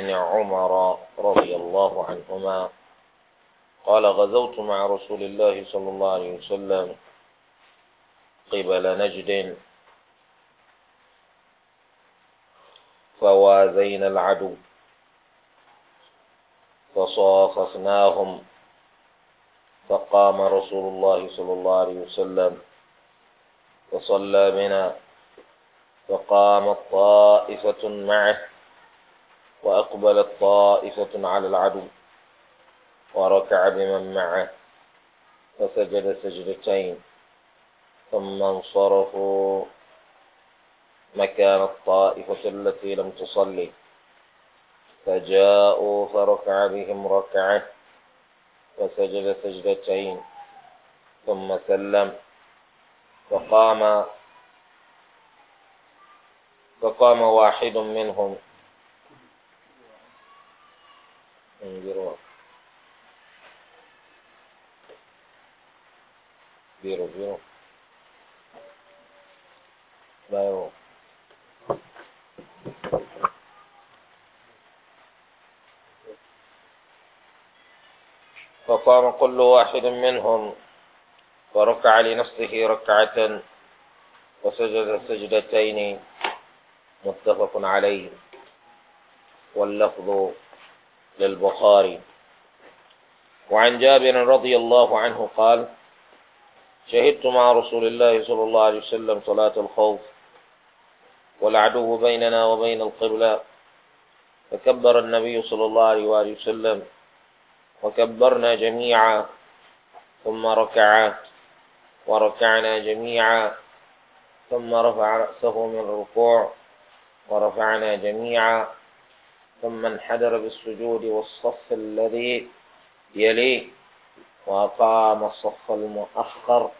بن عمر رضي الله عنهما قال غزوت مع رسول الله صلى الله عليه وسلم قبل نجد فوازينا العدو فصاففناهم فقام رسول الله صلى الله عليه وسلم فصلى بنا فقامت طائفة معه وأقبلت طائفة على العدو وركع بمن معه فسجد سجدتين ثم انصرفوا مكان الطائفة التي لم تصلي فجاءوا فركع بهم ركعة فسجد سجدتين ثم سلم فقام فقام واحد منهم انجرار بيرو بيرو بايرو فقام كل واحد منهم وركع لنفسه ركعة وسجد سجدتين متفق عليه واللفظ للبخاري وعن جابر رضي الله عنه قال شهدت مع رسول الله صلى الله عليه وسلم صلاة الخوف والعدو بيننا وبين القبلة فكبر النبي صلى الله عليه وآله وسلم وكبرنا جميعا ثم ركع وركعنا جميعا ثم رفع رأسه من الركوع ورفعنا جميعا ثم انحدر بالسجود والصف الذي يليه وأقام الصف المؤخر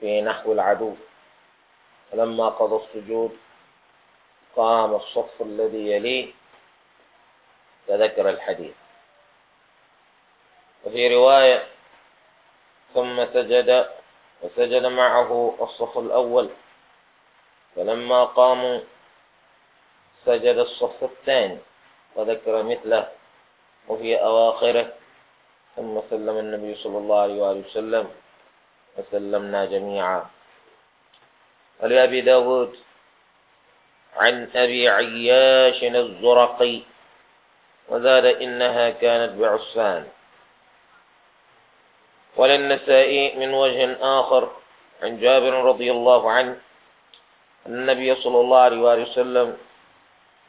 في نحو العدو فلما قضى السجود قام الصف الذي يليه تذكر الحديث وفي رواية ثم سجد وسجد معه الصف الأول فلما قاموا سجد الصف الثاني وذكر مثله وفي أواخره ثم سلم النبي صلى الله عليه وآله وسلم وسلمنا جميعا ولأبي داود عن أبي عياش الزرقي وزاد إنها كانت بعسفان وللنسائي من وجه آخر عن جابر رضي الله عنه النبي صلى الله عليه وآله وسلم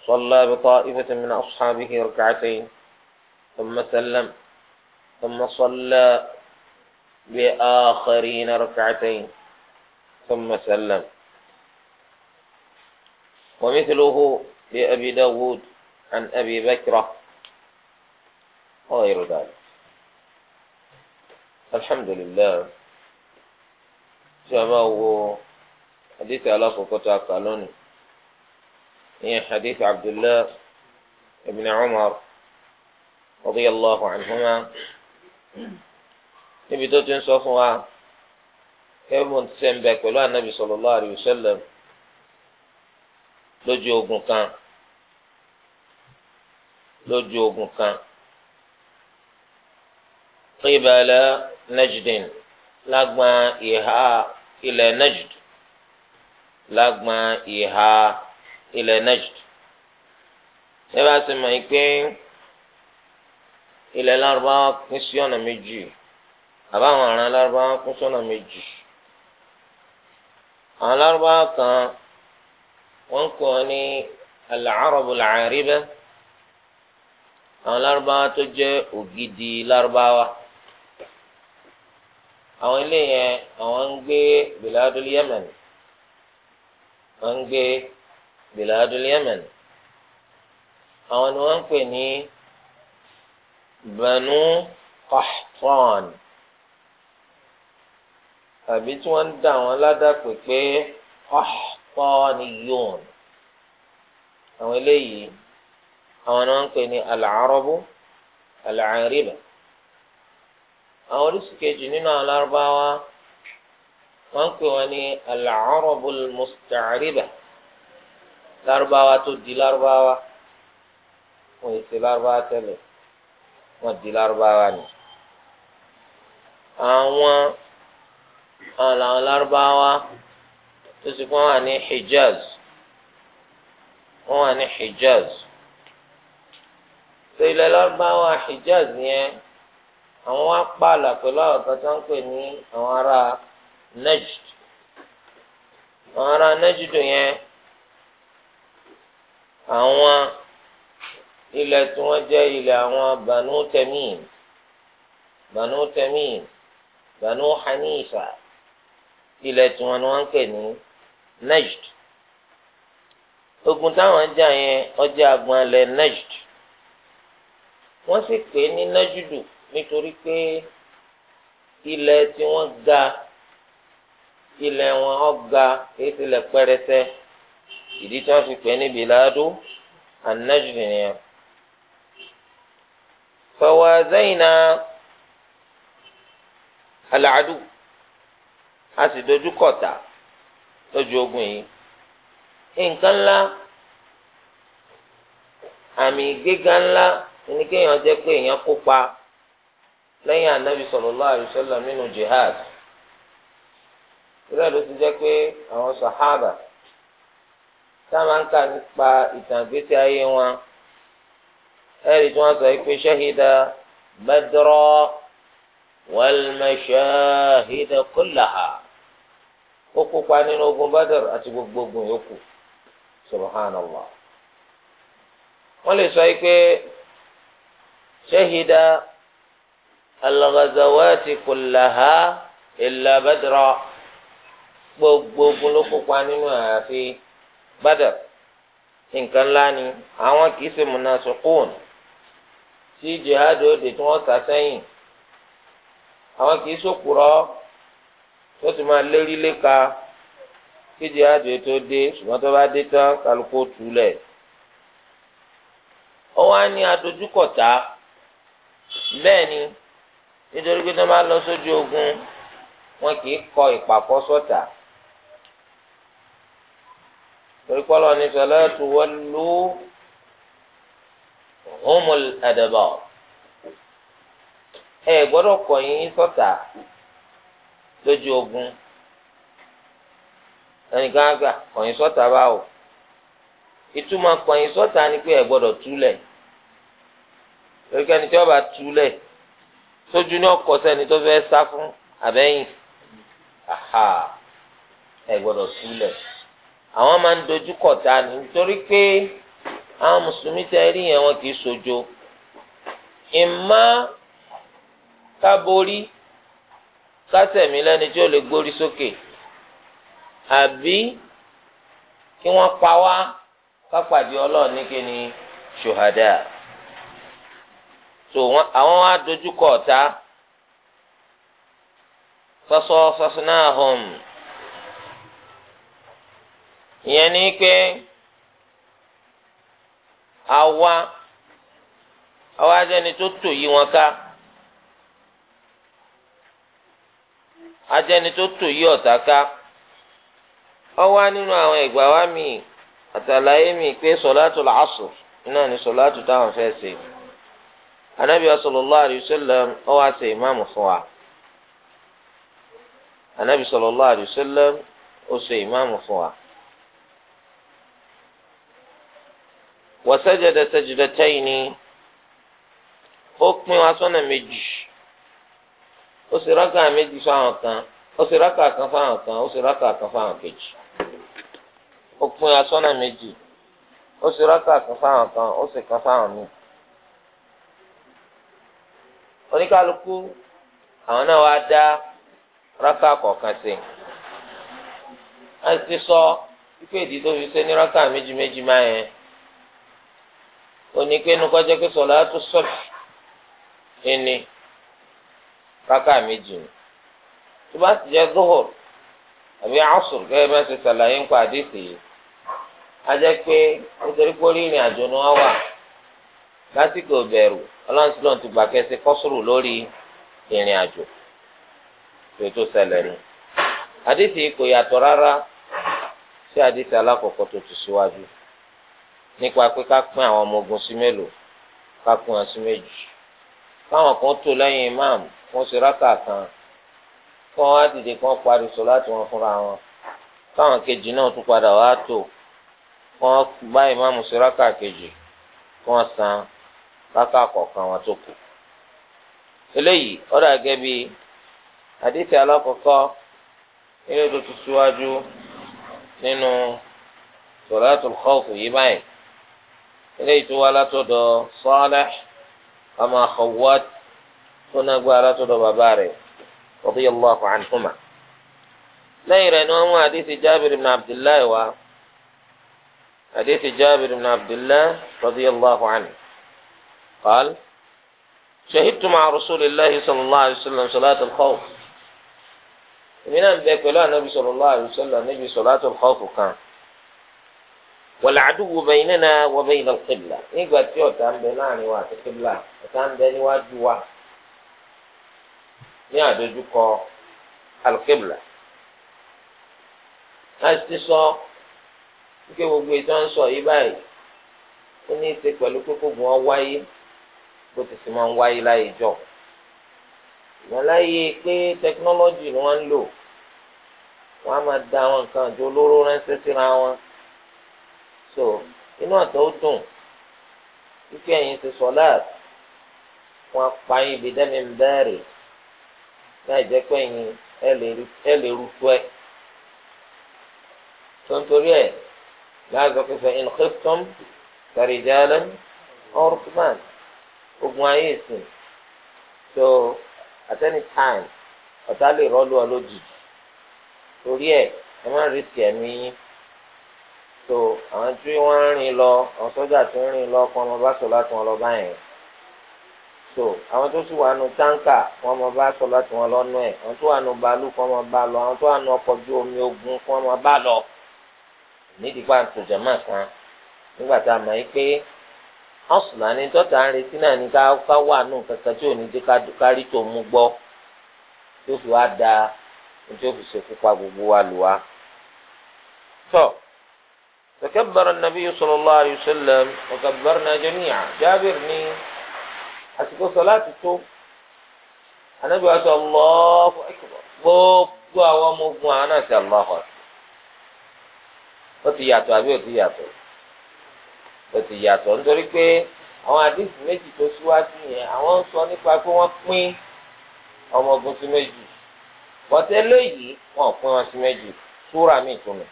صلى بطائفة من أصحابه ركعتين ثم سلم ثم صلى بآخرين ركعتين ثم سلم ومثله لأبي داود عن أبي بكرة وغير ذلك الحمد لله جماعه حديث على فقطة قالوني هي حديث عبد الله بن عمر رضي الله عنهما níbi tó ti ń sọ fún wa kẹ́bùn ti ń bẹ pẹ̀lú anabi sallallahu alayhi wa sallam lójú ogun kan lójú ogun kan qibala najdin lágbọn ìhà ilẹ̀ najd lágbọn ìhà ilẹ̀ Najd ẹ bá ti mọ̀ yìí pé ilẹ̀ lárúbáwá pín sí ọ̀nà méjì àbáwọn ará lárúbáwá pín sí ọ̀nà méjì àwọn lárúbáwá kan wọ́n kọ́ ní al-Arabu al àwọn lárúbáwá tó jẹ́ ògidì lárúbáwá àwọn ilé yẹn àwọn ń gbé biladul Yemen wọ́n ń gbé. biladul yemen àwọn ni wọ́n ń pè ní banu qahtan àbí tí wọ́n ń dà wọ́n ládàpè pé yoon àwọn eléyìí àwọn ni wọ́n ń pè ní alàárọ̀bù alàárìbà àwọn oríṣi kejì nínú àwọn lárúbáwá wọ́n ń pè wọ́n ní alàárọ̀bù mùsítàárìbà. lárúbáwá tó di lárúbáwá wọn èsè lárúbáwá tẹ́lẹ̀ wọn di lárúbáwá ni àwọn àwọn lárúbáwá tó sì fún wa ní Hijaz wọn wà ní Hijaz tó ilẹ̀ lárúbáwá Hijaz yẹn àwọn wá pààlà pẹ̀lú àwọn kan tó ń pè ní àwọn ará Najd àwọn ará Najd yẹn àwọn ilẹ̀ tí wọ́n jẹ́ ilẹ̀ àwọn banu tẹ̀míìn banu tẹ̀míìn banu hanifa ilẹ̀ tí wọ́n ni wọ́n ń pè ní najd ogun táwọn jà yẹn ọjà agbọn alẹ najd wọ́n sì pè ní nájúdù nítorí pé ilẹ̀ tí wọ́n ga ilẹ̀ wọn ọ̀ga kìí tilẹ̀ pẹrẹsẹ ìdí tí wọ́n fi pè ní biladu anájúdì nìyẹn. fawazayna alàádù a sì dojú kọ̀tà lójú ogun yìí nǹkan ńlá àmì ìgbéga ńlá ní kéèyàn jẹ́ pé èèyàn kópa lẹ́yìn anabi sallallahu alaihi nínú jihad. ìrẹ́ ti jẹ́ pé àwọn sàhábà sábàǹkà nípa ìtàn ìgbésí ayé wọn ẹ̀rí tí wọ́n sọ pé ṣẹ́hídà bẹ́dọ́rọ́ wàlmẹ̀ṣẹ́hídà kúláhà ó kópa nínú ogun bẹ́dọ̀rọ̀ àti gbogbo ogun yòókù subhanallah wọ́n lè sọ pé ṣẹ́hídà alagazawaati kúláhà ìlà bẹ́dọ̀rọ̀ gbogbo ogun ló kópa nínú àyàfi. Badr nǹkan ńlá ni àwọn kìí ṣe munafiqun tí jihad òde tí wọ́n sá sẹ́yìn àwọn kìí ṣòkùrọ́ tó ti máa lérí léka kí jihad òde tó dé ṣùgbọ́n tó bá dé tán kálukú túlẹ̀ ó wá ní adójúkọ̀tá bẹ́ẹ̀ ni nítorí pé tó máa lọ sójú ogun wọn kìí kọ ìpàkọ́ sọ́tà. So torí pé ọlọ́ọ̀ni fẹlẹ́ tó wọ́n lú humul adaba ẹ gbọ́dọ̀ kọ̀yìn sọ́tà lójú ogun ẹnìkan àgbà kọ̀yìn sọ́tà báwo ìtumọ̀ kọ̀yìn sọ́tà ni pé ẹ gbọ́dọ̀ túlẹ̀ torí pé ẹni tí wọ́n bá túlẹ̀ sójú ní ọkọ̀ sẹ́ni tó fẹ́ sá fún abẹ́yìn aha ẹ gbọ́dọ̀ túlẹ̀. àwọn máa ń dojú kọ ta ni nítorí pé àwọn mùsùlùmí tẹ yẹn wọn kì í sojo ìmá káborí kásẹ̀mí lẹ́ni tí ó lè gbórí sókè àbí kí wọ́n pa wá kápàdé ọlọ́run ṣòhádà so àwọn wa dojú kọ ta sọsọ sọsọ náà hàn. ìyẹn ni pé àwa àwa jẹni tó tò yí wọn ká ajẹni tó tò yí ọ̀tá ká nínú àwọn ìgbà wa mi àtàlàyé mi pé sọláàtù làásùr ni sọláàtù táwọn fẹ́ ṣe anabi alayhi wá ṣe anabi alayhi wa ṣe ìmáàmù fún wa. wọ́sẹ̀jẹ̀dẹ̀ sẹ̀jẹ̀dẹ̀tẹ́yìn ni ó pín wa sọ́nà méjì ó sì rákà méjì fáwọn kan ó sì rákà kan fáwọn kan ó sì rákà kan fáwọn kejì ó pín wa sọ́nà méjì ó sì rákà kan fáwọn kan ó sì kan fáwọn míì oníkálukú àwọn náà wá dá rákà kọ̀ọ̀kan sí i a ti sọ ipe ìdí tó fi ṣe ní rákà méjì méjì máa yẹn. onípinnu kọjá pé sọláàtù sọlá ẹni rákà méjì ni tó bá ti jẹ zuhur àbí asùr gẹ́gẹ́ bá ṣe ṣàlàyé ń pa àdéhùn yìí a pé nítorí pé orí ìrìn àjò ni wọ́n wà lásìkò bẹ̀rù ọlọ́run ti gbà kẹ́sì kọ́sùrù lórí ìrìn àjò tó tó ṣẹlẹ̀ ni àdéhùn yìí kò nípa pé ká pín àwọn ọmọ ogun sí mélòó ká pín wọn sí méjì káwọn kan tó lẹ́yìn imáàmù wọ́n ṣe rákà kan kọ́ wá dìde kọ́ parí sọ láti wọn fúnra wọn káwọn kejì náà tún padà wá tó wọ́n bá imáàmù ṣe rákà kejì kí wọ́n san rákà kọ̀ọ̀kan wọn tó kù. eléyìí ọ̀dà gẹ́gẹ́ bí àdìsí alákọ̀ọ́kọ́ nínú tó ti síwájú nínú sọ̀rọ̀ àtúnkọ́ọ̀kù yìí báyìí eléyìí tó wá látọ̀dọ̀ Salih ọmọ Khawwat tó náà gbọ́ látọ̀dọ̀ bàbá rẹ̀ radiyallahu anhuma. lẹ́yìn rẹ̀ ni wọ́n mú àdìsí Jabir ibn Abdullah wá àdìsí Jabir ibn Abdullah radiyallahu anhu. قال شهدت مع رسول الله صلى الله عليه وسلم صلاة الخوف. من أن بيقول النبي صلى الله عليه وسلم نبي صلاة الخوف كان wàlàdúwò bẹ̀yìnínà wọ́bẹ̀yìnà kébìlà nígbà tí ọ̀tá ń bẹ láàrin wa àti kébìlà ọ̀tá ń bẹ níwájú wa ní àdójúkọ alùkébìlà. láti sọ wípé gbogbo ìtọ́ ń sọ yìí báyìí ó ní í ṣe pẹ̀lú kókó gun ọ wáyé bó ti sì máa ń wáyé láyé jọ. ìwọ̀n láyé pé tẹkinọ́lọ́jì ni wọ́n ń lò wọ́n á máa da àwọn nǹkan àjọ olóró ránṣẹ́ síra wọn so inú àtọ̀ ó dùn wípé ẹ̀yin ti sọ̀láàt wọn pa yín ibi dẹ́mi ń bẹ́ẹ̀rẹ̀ láì jẹ́ pé ẹ̀yin ẹ lè rútu ẹ̀ tó ń torí ẹ̀ láàzọ pé fẹ́ẹ́ ìnkẹ́fọ́m kàrìjálẹ́m ọ̀rùkùnmán ogun ayé ìsìn so at any time ọ̀tá lè rọ́lù ọ lójijì torí ẹ̀ ẹ má retí ẹ̀mí yín so àwọn tí wọ́n ń rìn lọ àwọn sọ́jà tí ń rìn lọ kọ́ ọmọ bá sọ láti wọn lọ báyìí so àwọn tó sì wà nù táǹkà wọn mọ bá sọ láti wọn lọ́nà ẹ̀ àwọn tó wà nù bàálù kọ́ ọmọ bá lọ àwọn tó wà nù ọkọ̀ ojú omi ogun kọ́ ọmọ bá lọ nídìí pa àtòjọ́mọ̀ kan nígbà tá a mọ̀ yí pé ọ̀sùn àní tọ́ta ń retí náà ní ká wà nù kankan tí ò ní jẹ́ ká rí tó mú gbọ́ tó fi wá da tó fi ṣekú pa gbogbo wa lù wá. فكبر النبي صلى الله عليه وسلم وكبرنا جميعا جابر ني أسكو صلاة التو أنا بأت الله أكبر gbogbo àwọn ọmọ ogun àwọn náà ṣe Allahu Akbar ó ti yàtọ̀ àbí ó ti yàtọ̀ ó ti yàtọ̀ nítorí pé àwọn àdìsí méjì tó síwájú yẹn àwọn ń sọ nípa pé wọ́n pín ọmọ ogun sí méjì wọ́n tẹ́lẹ̀ yìí wọ́n pín wọn sí méjì súrà míì tó nù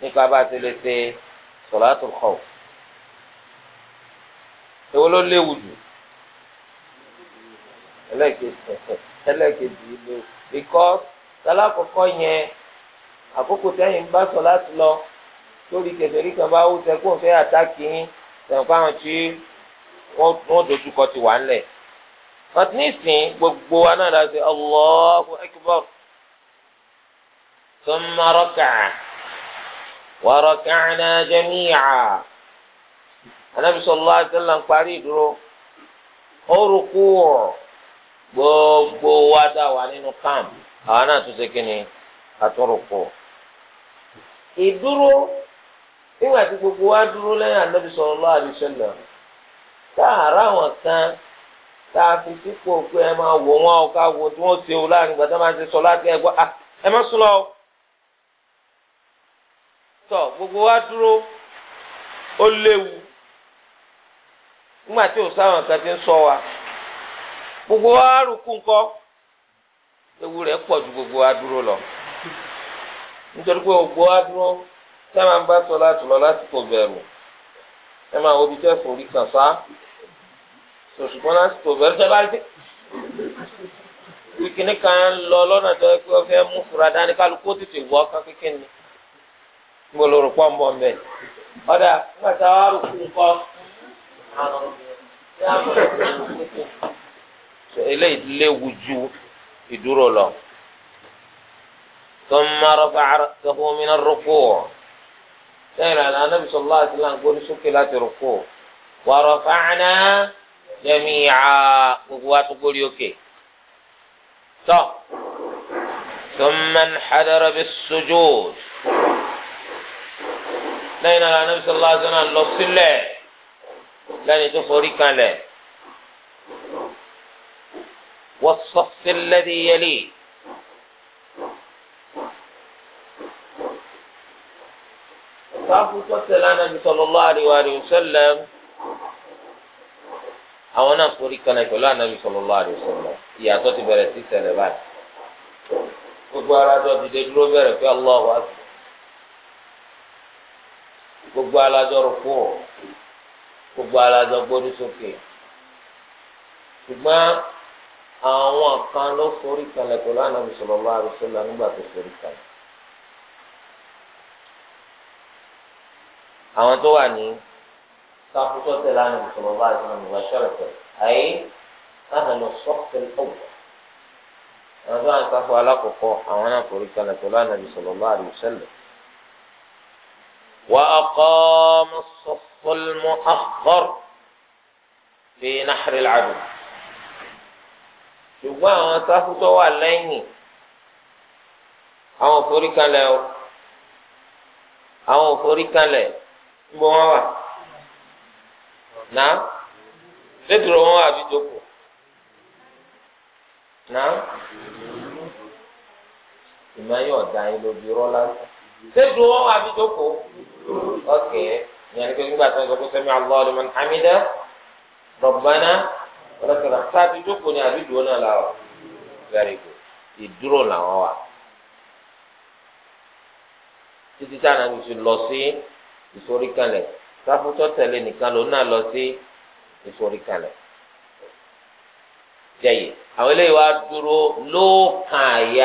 nípa bá a ti lè ṣe sọ̀látù khawf. èwo ló léwu jù ẹlẹ́ẹ̀kejì ló because alákọ̀ọ́kọ́ yẹn àkókò tẹ́yìn bá sọ̀látù lọ lórí kẹfẹ́rí kan bá wú sẹ́kùn fẹ́ àtàkì yín sẹ̀wọ̀n fáwọn tí wọ́n dojúkọ ti wà ńlẹ̀ wọ́n ti ní ìsìn gbogbo wa náà láti Allahu akbar thumma raka'a. وركعنا جميعا النبي صلى الله عليه وسلم parí dúró orúkú gbogbo wa dá wà nínú nígbà tí gbogbo wa dúró lẹ́yìn tá a rà wọn kan tá a fi sípò pé ẹ máa wò wọn ká wo tí ṣe o láàrin gbàtà máa ṣe sọ láti ẹgbẹ́ ah, tọ gbogbo wa dúró ó léwu nígbà tí ò sáwọn nǹkan ti ń sọ wa gbogbo wa rúkú ńkọ́ ewu rẹ̀ pọ̀ ju gbogbo wa dúró lọ nítorí pé gbogbo wa dúró tẹ́ máa ń bá sọ láti lọ láti kò bẹ̀rù ẹ máa wo ibi tẹ́ forí kàn sá sòṣùpọ́n láti kò bẹ̀rù tẹ́ bá dé kíkiní kan lọ lọ́nà tó yẹ kí wọ́n fẹ́ mú fura dání kálukú tètè wọ́ kán kíkiní gbolóró pọ̀ ń bọ̀ ń bẹ̀. ọ̀dà pàtà wà rò fún kọ́ eléyìí léwu ju ìdúró lọ. ثم رفع رأسه من الركوع سير على النبي صلى الله عليه وسلم قول سكلات الركوع ورفعنا جميعا وقوات قول يوكي ثم انحدر بالسجود lẹ́yìn náà anabi sọlá sọlá lọ sílẹ̀ lẹ́ni tó forí kanlẹ̀ wọ́sọ̀sí lẹ́dí yẹlẹ̀. sáfù sọ́sẹ̀ lánàá bí sọlọ́lá àríwá àríwá sẹ́lẹ̀ àwọn náà forí kan náà pẹ̀lú ànábì sọlọ́lá àríwá sẹ́lẹ̀ ìyàtọ̀ ti bẹ̀rẹ̀ sí ṣẹlẹ̀ báyìí gbogbo ara tó ti dé dúró bẹ̀rẹ̀ pé Allahu akbar gbogbo alájọ rúkú ọ gbogbo alájọ gbórí sókè ṣùgbọ́n àwọn kan ló forí kalẹ̀ pẹ̀lú ànábì sallallahu alaihi wasallam nígbà tó forí kalẹ̀ àwọn tó wà ní sáfùtọ tẹlẹ ànábì sallallahu alaihi wasallam nígbà sọlọtọ ayé láti lọ sọfẹlẹ ọwọ àwọn tó wà ní sáfù alákọọkọ àwọn náà forí kalẹ̀ pẹ̀lú ànábì sallallahu alaihi wasallam. وأقام الصف المؤخر في نحر العدو ṣùgbọ́n àwọn sáfù tó wà lẹ́yìn àwọn òforíkalẹ̀ o àwọn òforíkalẹ̀ níbo wọn wà náà lédùrọ̀ wọn wà bíi jókòó náà ìmáyọ̀ ọ̀dà yín ló rọ́lá lédùrọ̀ wọn wà bíi jókòó ok ìyẹn ni pé nígbà tó ń sọ pé sami Allahu liman hamida rabbana rẹ̀kẹ̀rẹ̀ sáàtì jókòó ni àbí dúró náà làwọ̀ very good ìdúró làwọn wà títí táwọn àti fi lọ sí ìforíkalẹ̀ sáfútọ́ tẹ̀lé nìkan lòun náà lọ sí ìforíkalẹ̀ jẹ́yìí àwọn eléyìí wá dúró lóòkàn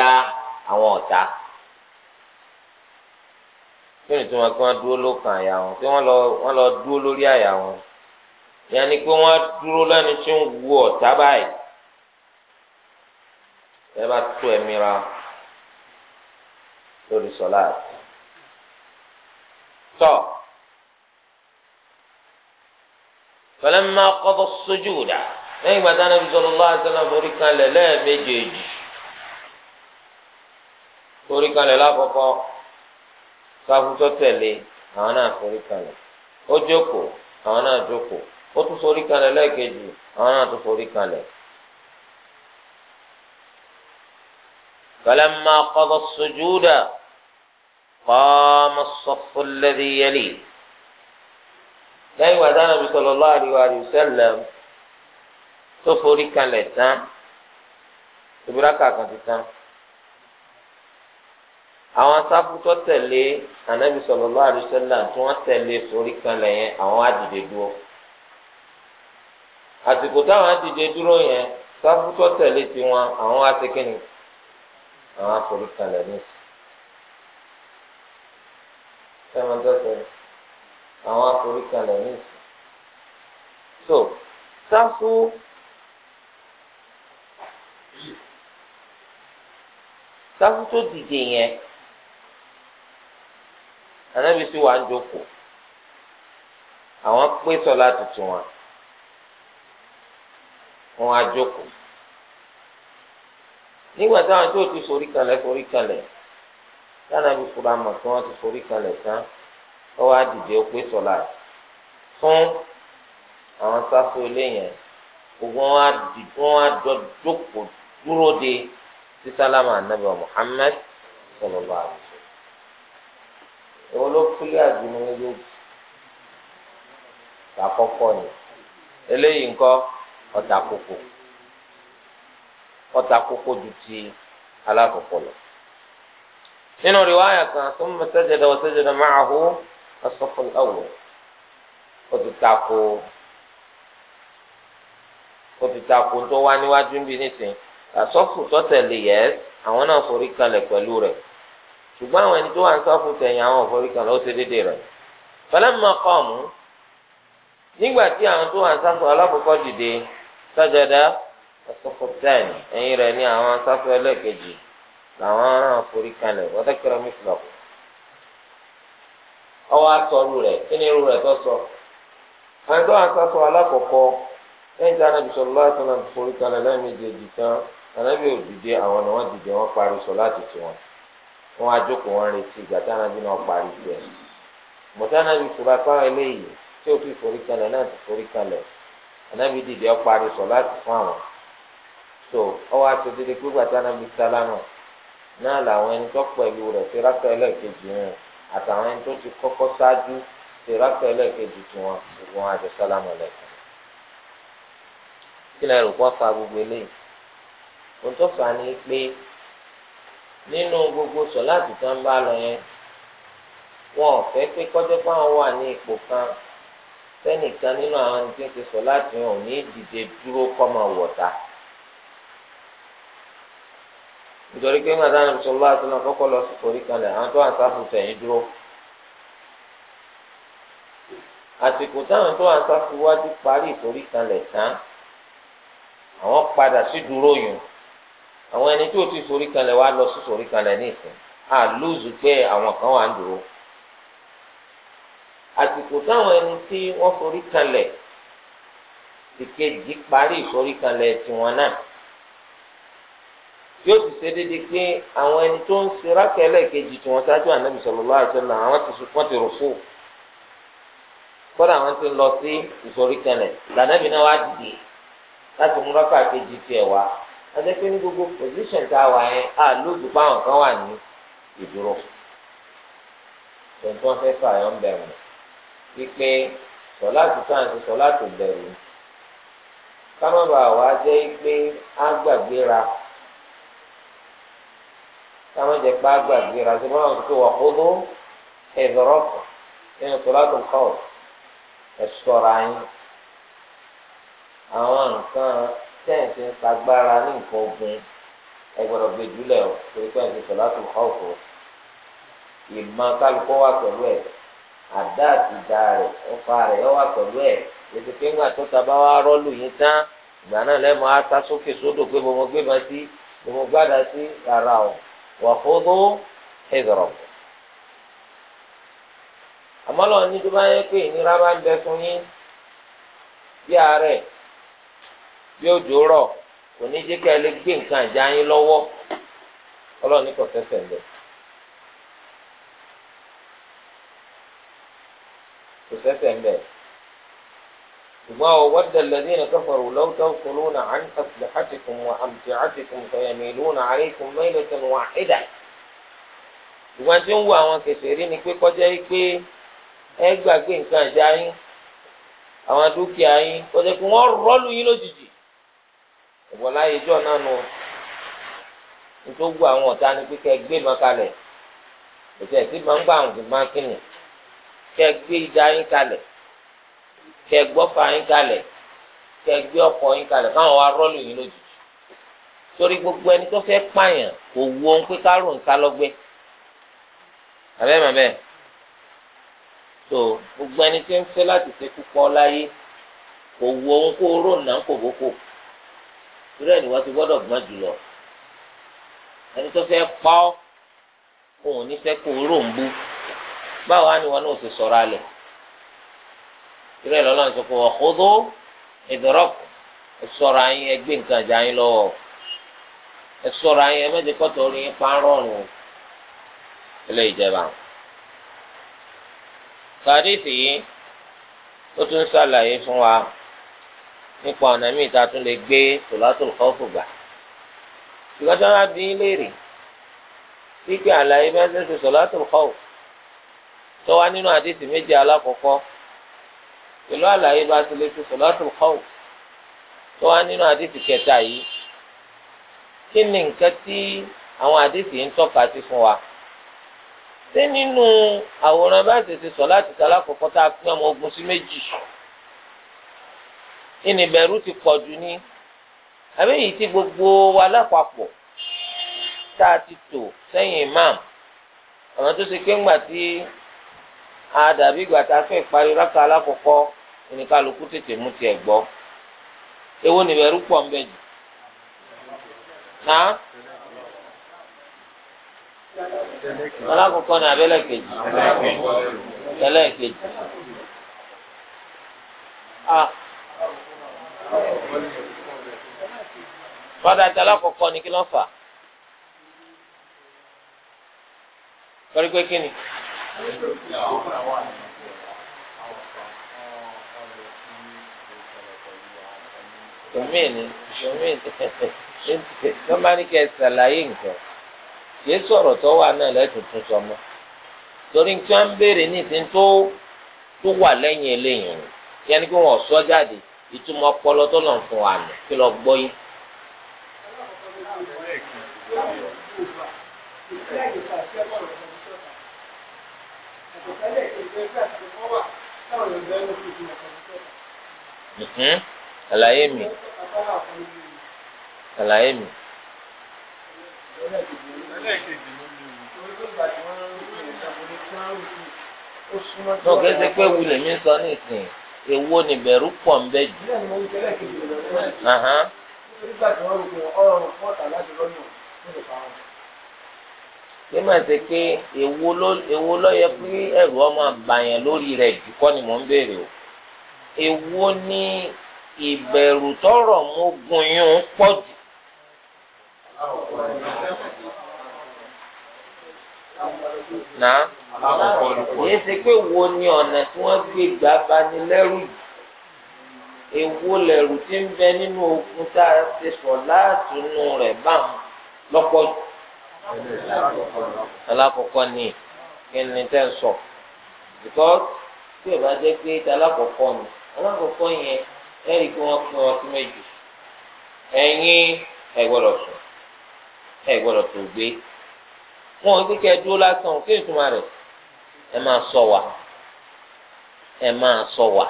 àwọn ọ̀tá kí ni tí wọn kí wọn dúró lókàn àyà wọn tí wọn lọ wọn lọ dúró lórí àyà wọn yẹn pé wọn dúró lẹni tí ń wu ọ̀tá báyìí ẹ bá tó ẹ̀mí ra lórí sọlá àti tọ. فلما قضى السجود lẹ́yìn gbàtà nàbì sọlọ lọ́wọ́ àṣẹlá forí kalẹ̀ lẹ́ẹ̀mejèèjì forí kalẹ̀ lákọ̀ọ́kọ́ sáfù tó tẹ̀lé àwọn náà forí kalẹ̀ ó jókòó àwọn náà jókòó ó tún forí kalẹ̀ lẹ́ẹ̀kejì àwọn náà tún forí kalẹ̀. فلما قضى السجود قام الصف الذي يليه lẹ́yìn wà dáná bí sallallahu alaihi wa sallam tó forí kalẹ̀ tán àwọn sáfùtọ tẹ̀lé anabi sallallahu alaihi wasallam tí wọn tẹ̀lé forí kanlẹ̀ yẹn àwọn adìde dúró àsìkò táwọn adìde dúró yẹn sáfùtọ tẹ̀lé tiwọn àwọn atikini àwọn forí kanlẹ̀ ní. àwọn forí kanlẹ̀ ní. so sáfù. sáfù tó dìde yẹn anabi sì wà ń jókòó àwọn pé sọlá tuntun wọn wọn á jókòó nígbà táwọn tó ti forí kalẹ̀ forí kalẹ̀ táwọn ibi fura mọ̀ tí wọ́n ti forí kalẹ̀ tán ọwọ́ àdìdì ó pé sọlá fún àwọn sáfù eléyẹn gbogbo wọn á wọn á jọ dúró de sísálámà anabi Muhammad sallallahu alaihi wasallam èwo ló kílẹ̀ àdúgbò méjèèjì àkọ́kọ́ ni eléyìí ńkọ́ ọ̀tà kókó ọ̀tà kókó ju ti alákọ̀ọ́kọ́ lọ. nínú riwaayà kan thumma sajada wa sajada ma'ahu as-safu al-awwal ó ti tako ó ti tako tó wá níwájú bí nísìnyí àsọ́fù tó tẹ̀lé yẹ àwọn náà forí kalẹ̀ pẹ̀lú rẹ̀. ṣùgbọ́n àwọn ẹni tó wà ń sọ́fún tẹ̀yìn àwọn òforíkan ló ṣe déédéé rẹ̀ falamma qamu nígbà tí àwọn tó wà ń dìde sajada as ẹ̀yìn rẹ̀ ní àwọn sọ́fún ẹlẹ́ẹ̀kejì làwọn aràn òforíkan lẹ̀ wọ́n tẹ́kẹ̀rẹ́ mísìlọ̀ ọwọ́ àtọ́rù rẹ̀ kí ni irú rẹ̀ tó sọ àwọn tó wà ń sọ́fún alákòókò wọn á jókòó wọn retí ìgbà tí anabi náà parí tiẹ̀ mọtí anabi fura fáwọn eléyìí tí ó fi forí kalẹ̀ náà ti forí kalẹ̀ anabi dìde ó parí sọ láti fún àwọn tó ọwọ́ aṣọ dídí pé gbàtí anabi sálámà náà làwọn ẹni tó pẹ̀lú rẹ̀ ti rákà ẹlẹ́ẹ̀kejì wọn àtàwọn ẹni tó ti kọ́kọ́ ṣáájú ti rákà ẹlẹ́ẹ̀kejì tiwọn ṣùgbọ́n àjọ sálámà lẹ́kọ̀ọ́ kí lẹ́rù kọ́ fa gbogbo eléyìí ohun tó fà á pé nínú gbogbo sọláàtì tó ń bá lọ yẹn wọn ò fẹ́ pé kọjọ pé àwọn wà ní ipò kan sẹ́nìkan nínú àwọn ẹni tí ń ṣe sọláàtì wọn ò ní dìde dúró kọmọ wọta nítorí pé màdá ní sọlá àti náà kọ́kọ́ lọ sí forí kalẹ̀ àwọn tó wà sáfù tẹ̀yìn dúró àsìkò táwọn tó wà sáfù wájú parí ìforí kalẹ̀ tán àwọn padà sí dúró yùn àwọn ẹni tí o ti forí kalẹ̀ wá lọ sí forí kalẹ̀ ní ìsìn á lóòzù pé àwọn kan wà ń dúró àsìkò táwọn ẹni tí wọ́n forí kalẹ̀ ìkejì parí ìforí kalẹ̀ tiwọn náà yóò ti ṣe déédé pé àwọn ẹni tó ń sira kẹlẹ kejì tí wọn ṣáájú ànábì sallallahu alaihi wasallam àwọn ti sùn ti rùfù kódà àwọn ti lọ sí ìsoríkẹlẹ lànàbì náà wá dìde láti mú rákà tiẹ̀ wá adẹ́pẹ́ ní gbogbo position tá a wà yẹn a lóògùn báwọn kan wà ní ìdúró tòǹtò fẹ́ fà yọ̀ ń bẹ̀rù wípé sọ̀lá tó tán àti sọ̀lá tó bẹ̀rù kámọ́bà wa jẹ́ pé a gbàgbéra kámọ́jẹ́ pé a gbàgbéra ṣe báwọn tó wà kódó ẹ̀dọ̀rọ̀kọ̀ nínú sọ̀lá tó kọ̀ ẹ̀ sọ̀rọ̀ àwọn nǹkan. sẹ́yìn ti ń sagbára ní nǹkan ogun ẹ gbọ́dọ̀ gbé jùlẹ̀ torí pé ẹ̀sìn sọ̀lá ìmọ̀ kálukọ́ wà pẹ̀lú ẹ̀ àdá àti ìdá rẹ̀ rẹ̀ ọ wà pẹ̀lú ẹ̀ ètò pé ńgbà tó ta bá wá rọ́ọ̀lù yín tán ìgbà náà lẹ́mọ̀ á ta sókè sódò pé mo mọ ma sí mo mọ gbádà sí rárá wà fọ́dọ́ àmọ́ ní tó bá yẹ pé ìnira bá ń bẹ fún yín bí òjò rọ̀ kò ní jẹ́ ká ẹ lè gbé nǹkan ìjà yín lọ́wọ́ ọlọ́run ní kò fẹ́fẹ́ lẹ̀. kò fẹ́fẹ́ lẹ̀. ṣùgbọ́n o wadda alladhina kafaru law tawkuluna an aslihatikum wa amti'atikum fayamiluna alaykum maylatan wahidah. ṣùgbọ́n tí ń wo àwọn kèfèrí ni pé kọjá yìí pé ẹ gbàgbé nǹkan ìjà yín àwọn dúkìá yín kọjá pé wọ́n rọ́ọ̀lù yín lójijì ìwọláyé ìjọ náà nù nítògbò àwọn ọ̀tá ni pé kẹ́ ẹ gbé ìbọn kalẹ̀ ètò ẹ̀sìn máa ń gbà àwọn ìbọn kìnnì kẹ́ ẹ gbé ìdá yín kalẹ̀ kẹ́ ẹ gbọ́fà yín kalẹ̀ kẹ́ ẹ gbé ọkọ̀ yín kalẹ̀ káwọn wa rọ́ọ̀lù yín lójijì torí gbogbo ẹni tó fẹ́ pààyàn kò wu ohun pé ká rò ń ká lọ́gbẹ́ àbẹ́ màbẹ́ tó gbogbo ẹni tó ń fẹ́ láti ṣe púpọ̀ láyé kò wu ohun kó rò ń kò bókò irú ẹ̀ ni wọ́n ti gbọ́dọ̀ gbọ́n jùlọ ẹni tó fẹ́ pa ọ́ òun ní fẹ́ kó rò ń bú báwa ni wọn náà ti sọ̀rọ̀ alẹ̀ irú ẹ̀ lọ́lọ́run sọ pé ọ̀kúndó ìdọ̀rọ̀kù ẹ̀sọ̀rọ̀ ayé ẹgbẹ́ nǹkan ìjà yín lọ́wọ́ ẹ̀sọ̀rọ̀ ayé ẹ̀mẹ́jẹ kọ́tọ̀ orí yín parọ́ ọ̀run ilé ìjẹba. sàdíìsì yìí ó tún ṣàlàyé fún wa nípa ọ̀nà míì tá a tún lè gbé solatul khawfu gbà ṣùgbọ́n tí wọ́n bá bí léèrè wípé àlàyé mẹ́sẹ̀ ṣe solatul khawfu tó wá nínú àdìsí méjì alákọ̀ọ́kọ́ pẹ̀lú àlàyé bá ti lè ṣe solatul khawfu tó wá nínú àdìsí kẹta yìí kí ni nǹkan tí àwọn àdìsí ń tọ́ka sí fún wa ṣé nínú àwòrán bá ti ṣe sọ alákọ̀ọ́kọ́ tá a pín ọmọ ogun sí méjì ìnìbẹ̀rù ti pọ̀ jù ní àbí èyí tí gbogbo wa lápapọ̀ tá a ti tò sẹ́yìn imam àwọn tó ṣe pé ńgbà tí a dàbí ìgbà tá a fẹ́ parí rákà alákọ̀ọ́kọ́ ìníkàlùkù tètè mú tiẹ̀ gbọ́ èwo nìbẹ̀rù pọ̀ ń bẹ jù náà alákọ̀ọ́kọ́ ni abẹ́lẹ̀ kejì abẹ́lẹ̀ kejì. fọdà tí alákọ̀ọ́kọ́ ni kí ló fà torí pé kí ni. tòmíì ni tòmíì ni tó máa ní kí ẹ ṣàlàyé nǹkan kì sọ̀rọ̀ tó wà náà lẹ́tùn tún sọ mọ́ torí tí wọ́n ń béèrè ní ìsìn tó wà lẹ́yìn eléyìí ni kí wọ́n sọ jáde ìtumọ̀ ọpọlọ tó lọ fún wa nù kí lọ gbọ́ yín. Mhm. àlàyé mi àlàyé mi. náà kẹ́sẹ̀ pé wulẹ̀ mi sọ ní ìsìn. Ewo ni bẹ̀rù pọ̀ ń bẹ jù. pé má ṣe pé èwo ló yẹ pé ẹ̀rù ọmọ àbàyàn lórí rẹ̀ jù kọ́ ni mò ń béèrè o èwo ni ìbẹ̀rù tọrọ mú gun yún pọ̀ jù náà yìí ṣe pé wo ni ọ̀nà tí wọ́n gbé gbà banilẹ́rù yìí èwo lẹ̀rù tí ń bẹ nínú okun tá a ti sọ láàtúnú rẹ̀ báwọn lọ́pọ̀ jù alákọ̀ọ́kọ́ ni kí ni tẹ́ ń sọ because tí o bá jẹ́ pé alákọ̀ọ́kọ́ ni alákọ̀ọ́kọ́ yẹn ẹ rí i pé wọ́n pín wọn sí méjì ẹ̀yin ẹ̀ gbọ́dọ̀ sùn ẹ̀ gbọ́dọ̀ tó gbé wọn ò kékeré dúró lásán kí ni ìtumọ̀ rẹ̀ ẹ máa sọ wà ẹ máa sọ wà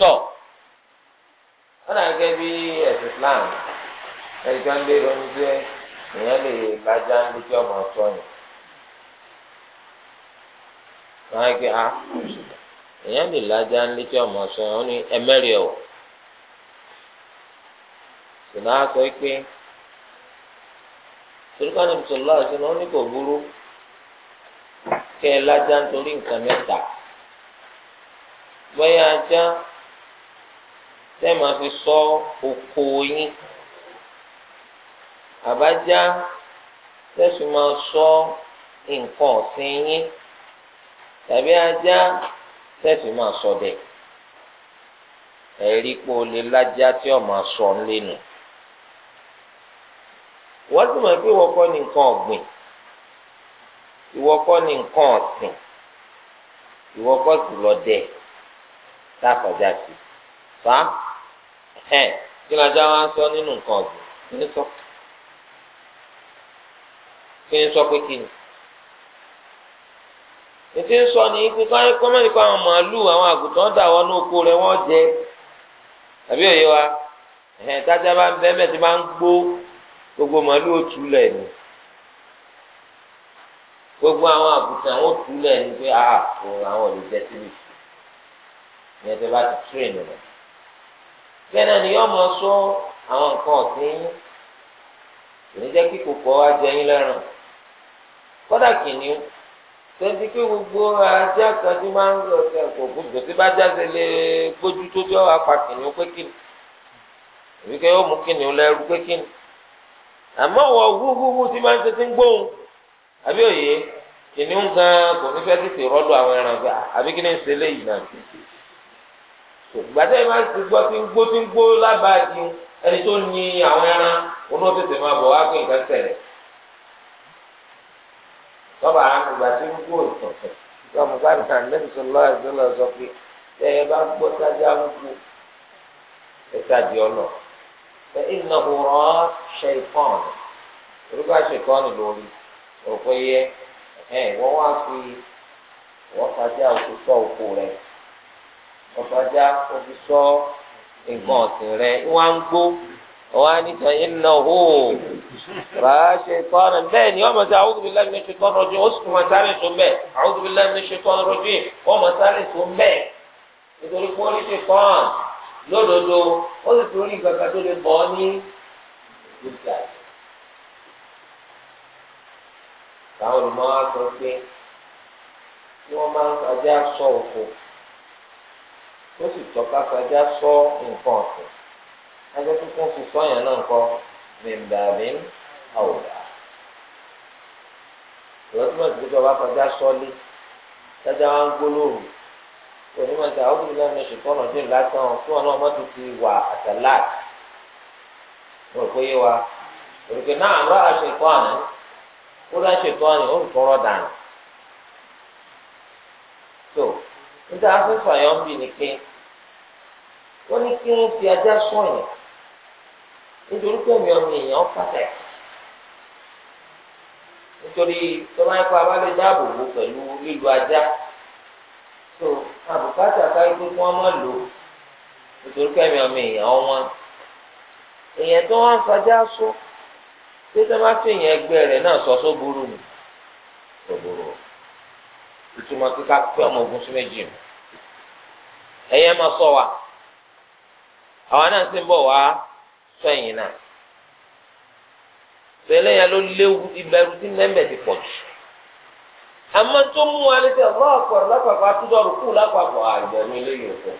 tọ́ wọn náà bí ẹ̀sìn Islam ẹ̀ka ń bèrè ọ̀hún pé èèyàn lè lájà ń bí ọmọ wọn a ah, èèyàn lè lájà ń lé torípa ní bisalòlá àṣìlò wọn ní kò burú kẹ ẹ lájà nítorí nǹkan mẹ́ta bóyá ajá tẹ́ máa fi ṣọ́ oko yín àbájá tẹ̀sùn máa ṣọ́ nǹkan ọ̀sìn yín tàbí ajá tẹ̀sùn máa ṣọdẹ ẹ̀rí pé o lè lájà tí ọ̀ máa sọ ọ́ lẹ́nu. túmọ̀ pé ìwọ ni nǹkan ọ̀gbìn ìwọ ni nǹkan ọ̀sìn ìwọ kọ́ sì lọ dẹ̀ tá a kọjá sí fa kí ni ajá wa ń sọ nínú nǹkan ọ̀gbìn kí ni sọ kí ni sọ pé kí ni ti ìsọ ni ikú káyọ kọ́mẹ́lì kọ́ àwọn màálù àwọn àgùntàn dà wọ́n ní oko rẹ̀ wọ́n àbí òye wa ẹ̀hẹ́n tájá bá gbogbo màálù ó tú lẹ̀ ni gbogbo àwọn àbùtàn àwọn tú lẹ̀ ni pé a ah, kò àwọn ò lè jẹ síbi ìyẹn tó bá ti train rẹ̀ bẹ́ẹ̀ náà ni yóò mọ sọ àwọn nǹkan ọ̀sìn yín kò ní jẹ́ kí kòkó wa jẹ yín lẹ́rùn kódà kìnìún tẹ́tí pé gbogbo ajá kan tí máa ń lọ sí ẹ̀kọ́ gbogbo tí bá jáde lé gbójú tó bí ọ̀ apá kìnìún pé kìnìún èmi kẹ́ yóò mú kìnìún lẹ́rú pé kìnìún àmọ́ wọ gúgúgú tí máa ń tètè ń gbóhùn àbí òye kìnìún gan kò ní fẹ́ tètè rọ́dọ̀ àwọn ẹran gbà àbí kí ni ń ṣe léyìí náà gbàtẹ́ máa ń ti gbọ́ tí ń gbó tí ń gbó lábàá di ẹni tó ní àwọn ẹran oní tètè máa bọ̀ wá pé nǹkan tẹ̀lé tọ́ba àgbà tí ń gbó ìtọ̀tọ̀ ìjọba bá nà lẹ́yìn tó lọ́wọ́ àti lọ́wọ́ sọ pé ẹ bá gbọ́ sájà ń gbó ẹ فإنه رأى شيطان orúkọ ṣètọ́n lórí òpè yẹ ẹ wọ́n wá fi wọ́n fàájà òkú sọ òkú rẹ̀ wọ́n fàájà òkú sọ nǹkan ọ̀sìn rẹ̀ wọ́n á ń gbó wọ́n á ní sẹ́yìn náà hó rà á ṣètọ́n bẹ́ẹ̀ ni wọ́n mọ̀ sí a'udhu billahi minash shaitani rajim ó sì mọ̀ sáré tó bẹ́ẹ̀ a'udhu billahi minash shaitani rajim wọ́n mọ̀ sáré tó bẹ́ẹ̀ nítorí pé wọ́n lódodo ó sì torí nǹkan kan tó lè bọ́ ní ìgbésí ayé. Àwọn olùmọ̀ wa sọ pé tí wọ́n máa ń fàjà sọ òfò ó sì tọ́ka fàjà sọ nǹkan ọ̀sìn ajẹ́ tó kún fi sọ́yàn náà kọ́ mẹ́mbàmí àwòrán. Ìwọ́n tí wọ́n ti fi sọ sọ́lé tájà wá ń gbólóhùn. onímọ̀ tí àwọn olùdílé ọ̀nà ṣùgbọ́n ọ̀dún lásán fún ọ̀nà ọmọdé ti wà àtàláàt mo rò pé yé wa òrùkè náà àmọ́ àná ó àná ó dànù. tó níta ń bì ní pé wọ́n ní kí wọ́n fi ajá nítorí pé omi ọmọ èèyàn nítorí ń àbùkátà káyé pé kí lò nítorí kẹ́mi ọmọ èèyàn wọn èèyàn tó wọ́n ń sọ pé tó bá fi èèyàn ẹgbẹ́ rẹ̀ náà sọ só burú ni sọ burú ìtumọ̀ kíkà pé ọmọ ogun sí méjì sọ wa àwa náà sì ń bọ̀ wá sọ náà yẹn ló ti àmọ́ tó mú wa létí ọ̀rọ̀ ọ̀pọ̀ lápapọ̀ àtúndọ̀rù kù lápapọ̀ àjẹmí lẹ́yìn òkú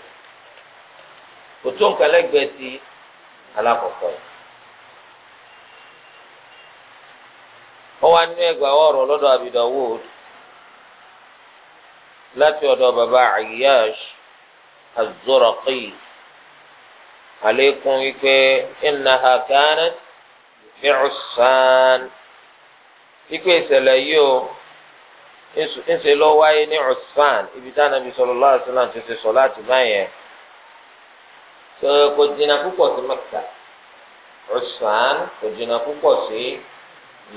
kò tó nǹkan lẹ́gbẹ̀ẹ́ sí alákọ̀ọ́kọ́ yìí. wọ́n wá nínú ẹgbàá ọ̀rọ̀ lọ́dọ̀ Abi Dawud láti ọ̀dọ̀ bàbá Ayyash Az-Zuraqi àlékún wípé innaha kanat fi Ussan wípé ìṣẹ̀lẹ̀ yìí ńṣe lọ wáyé ní Usfan ibi tí anabi sallallahu alaihi wasallam ti ṣe sọ láti báyẹn kò jìnnà púpọ̀ sí Mẹ́kà Usfan kò jìnnà púpọ̀ sí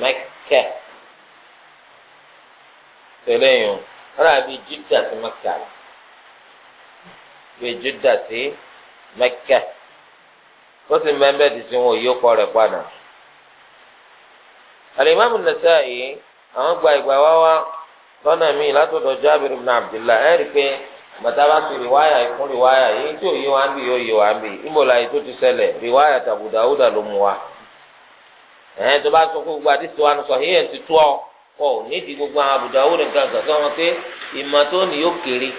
Mẹ́kà tẹ́lẹ̀ yìí ọ̀rọ̀ àbí Jidda sí Mẹ́kà bíi Jidda sí Mẹ́kà ó sì mẹ́mbẹ́ ti sin wọn yóò kọ́ rẹ̀ padà Al-Imam An-Nasa'i àwọn gba ìgbà wá wá. lọ́nà míì látọ̀dọ̀ jábìrì ibn abdullah ẹ̀ rí pé bàtàbà sí rìwáyà ìkún rìwáyà yìí tí òye wa ń bì yóò yé wa ń bì ìmọ̀lá yìí tó ti ṣẹlẹ̀ rìwáyà tàbù dàwúdà ló mu wa. ẹ̀hẹ́n tó bá sọ pé gbogbo àdìsí wa sọ yíyẹn ti tú ọ ọ gbogbo àwọn àbùdá owó nìkan kan sọ wọn pé ìmọ̀ tó yóò kéré.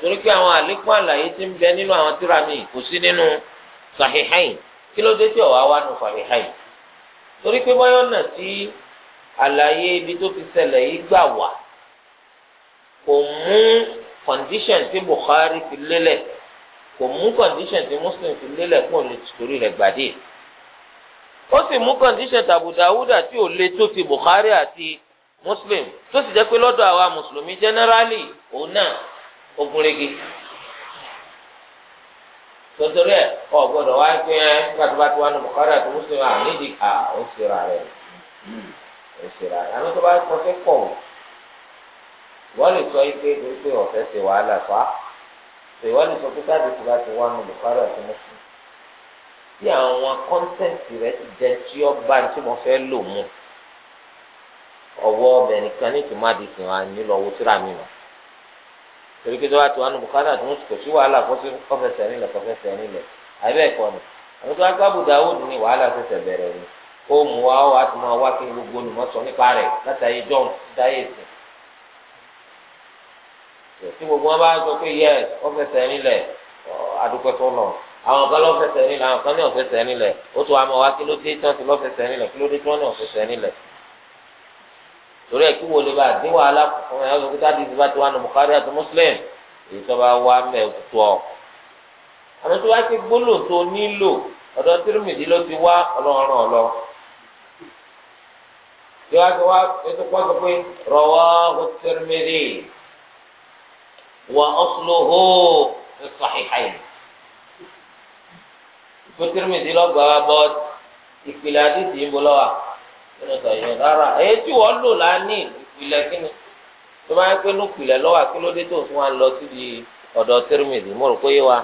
torí pé àwọn àlékún àlàyé ti ń bẹ nínú àwọn tíra mi kò sí nínú kí ló dé tí ọ̀ àlàyé ibi tó ti ṣẹlẹ̀ yìí gbà wá kò mú kọ̀ǹdíṣàn tí Bukhari fi lélẹ̀ kò mú kọ̀ǹdíṣàn tí Muslim fi lélẹ̀ kó lè torí rẹ̀ gbàdé ó sì mú kọ̀ǹdíṣàn tàbí Dawuda tí ò le tó ti Bukhari àti Muslim tó sì jẹ́ pé lọ́dọ̀ àwa mùsùlùmí jẹ́nẹ́rálì òun náà ogunrege tontori ẹ ọ gbọ́dọ̀ wá pé ẹ nígbà tó bá ti wá ní Bukhari àti Muslim àníjì à ó ṣe ra rẹ̀ ẹsẹ̀ rà àmọ́ tó bá kọ́ sí pọ̀ wọ́n lè sọ yìí pé torí pé ọ̀fẹ́ ṣe wàhálà fa ṣe wọ́n lè sọ pé káàdì tó bá ti wá nù Bukhari àti Muslim tí àwọn kọ́ńtẹ́ǹtì rẹ ti jẹ tí ó bá tí mo fẹ́ lò mú ọwọ́ ọbẹ̀ nìkan ní tòmá di sìn wá ní lọ́wọ́ síra mi mọ́ torí pé tó bá ti wá nù Bukhari àti Muslim kò sí wàhálà kọ́fẹ́sẹ̀ nílẹ̀ kọ́fẹ́sẹ̀ nílẹ̀ àbẹ́ẹ̀kọ́ ni àwọn tó bá gbàbùdà ó ní wàhálà ṣẹ̀ṣẹ̀ bẹ̀rẹ̀ ni ó mú wa ó wàá tó máa wá kí gbogbo olùmọ̀ sọ nípa rẹ̀ látàyè john dáyé sùn tí gbogbo wọn bá sọ pé yẹ ọ fẹsẹ̀ nílẹ̀ adúpẹ́fọ́ lọ àwọn kan lọ́fẹsẹ̀ nílẹ̀ àwọn kan ní ọ̀fẹsẹ̀ nílẹ̀ ó tó àmọ́ wa kí ló dé tí wọ́n ti lọ́fẹsẹ̀ nílẹ̀ kí ló dé tí wọ́n ní ọ̀fẹsẹ̀ nílẹ̀ torí ẹ̀ kí wo lè bá dín wàhálà fún ẹ̀ ọ́ sọ́kítà dìbò bá ti wà nù Bukhari àti Muslim èyí tó bá wà mẹ́ẹ̀kú ọ. àmọ́ tó wá yóò wá wá ètò pọ́ sọ pé rawahu Tirmidhi wa asluhu fi Sahihayn tó Tirmidhi lọ́gbà wá bọ́ ìpìlẹ̀ àdìsí ń bọ́ lọ́wọ́ nínú sọ̀yìn rárá èyí tí wọ́n lò lání ìpìlẹ̀ kí ni tó bá yẹ pé ní ìpìlẹ̀ lọ́wọ́ àkílódé tó fún wa lọ síbi ọ̀dọ̀ Tirmidhi mo rò wa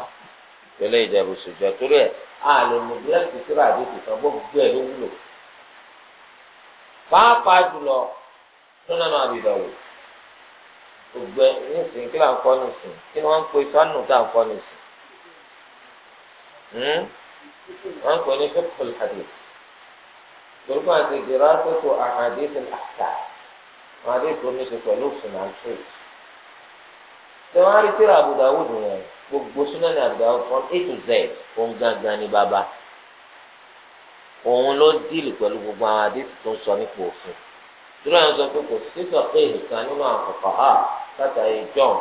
tẹ́lẹ̀ ìjẹ̀bù ṣùjọ́ torí ẹ̀ àlè mùdílẹ̀ kìtìrà àdìsí sọ gbogbo ẹ̀ ló pàápàá jùlọ Sunan Abi Dawud gbogbo nísìn kí là ń kọ́ nísìn kí wọ́n ń pe sọ́nù tá à ń kọ́ nísìn hmm? wọ́n ń pè ní fífúl hadith torúkọ àti ìdìrá tó tó ahadith al-ahkam wọn àti ìtò ní ṣe pẹ̀lú sunan àtúntò tí wọ́n á rí tíra Abu Dawud wọn gbogbo Sunan Abi Dawud A to Z òun gangan ní bàbá. òun ló díìlì pẹ̀lú gbogbo àwọn àdéhùn tó ń sọ nípa òfin dúró àwọn sọ kò sí sọ̀kè ìkan nínú àwọn ha látàrí john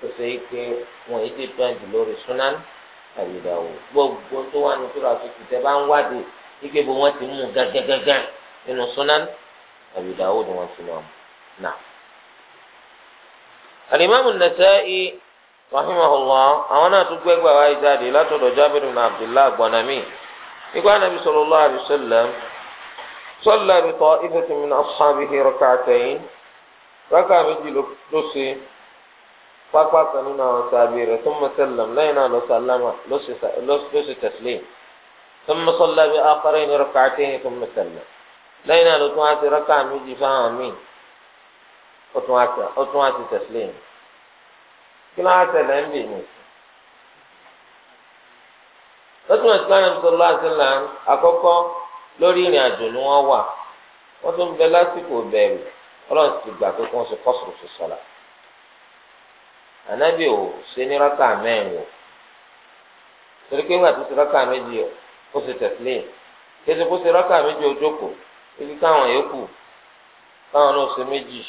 tó ṣe é pé wọn yìí lórí sunan àyèdáwò gbogbo tó wà ní tóra tuntun tẹ bá ń wádìí ike bó wọn ti mú gángángángá nínú sunan àyèdáwò ni wọn ti nà. alimami àwọn náà tún gbẹgbẹ abdullahi gbọnami. ikú anabi sallallahu alaihi wasallam salla bi ta'ifatin min ashabihi rak'atayn rákà méjì ló ṣe pápá kan nínú àwọn sàbí rẹ̀ thumma sallam lẹ́yìn náà ló sàlámà ló ṣe taslim thumma salla bi akharayn rak'atayn thumma sallam lẹ́yìn náà ló tún á ti rákà méjì fáwọn míì ó tún á ti taslim kí ló á tẹ̀lé ń bì ní túmọ̀ sí pàrọ̀ sọlá àtìlá àkọ́kọ́ lórí ìrìn àjò ni wọ́n wà wọ́n tún bẹ lásìkò bẹ̀rù ọlọ́run ti gbà pé kí wọ́n ṣe kọ́sùrù sí sọlá ànábì ò ṣe ní rákà mẹ́rin o torí pé wàá ti ṣe rákà méjì ó ṣe tẹ̀sílẹ̀ kéṣe kó ṣe rákà méjì ó jókòó ibi káwọn yòókù káwọn náà ṣe méjì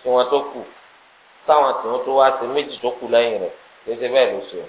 tí wọ́n tó kù táwọn tí wọ́n tó wá ṣe méjì tó kù lẹ́yìn rẹ̀ kéṣe bẹ́ẹ̀ ló ṣe o.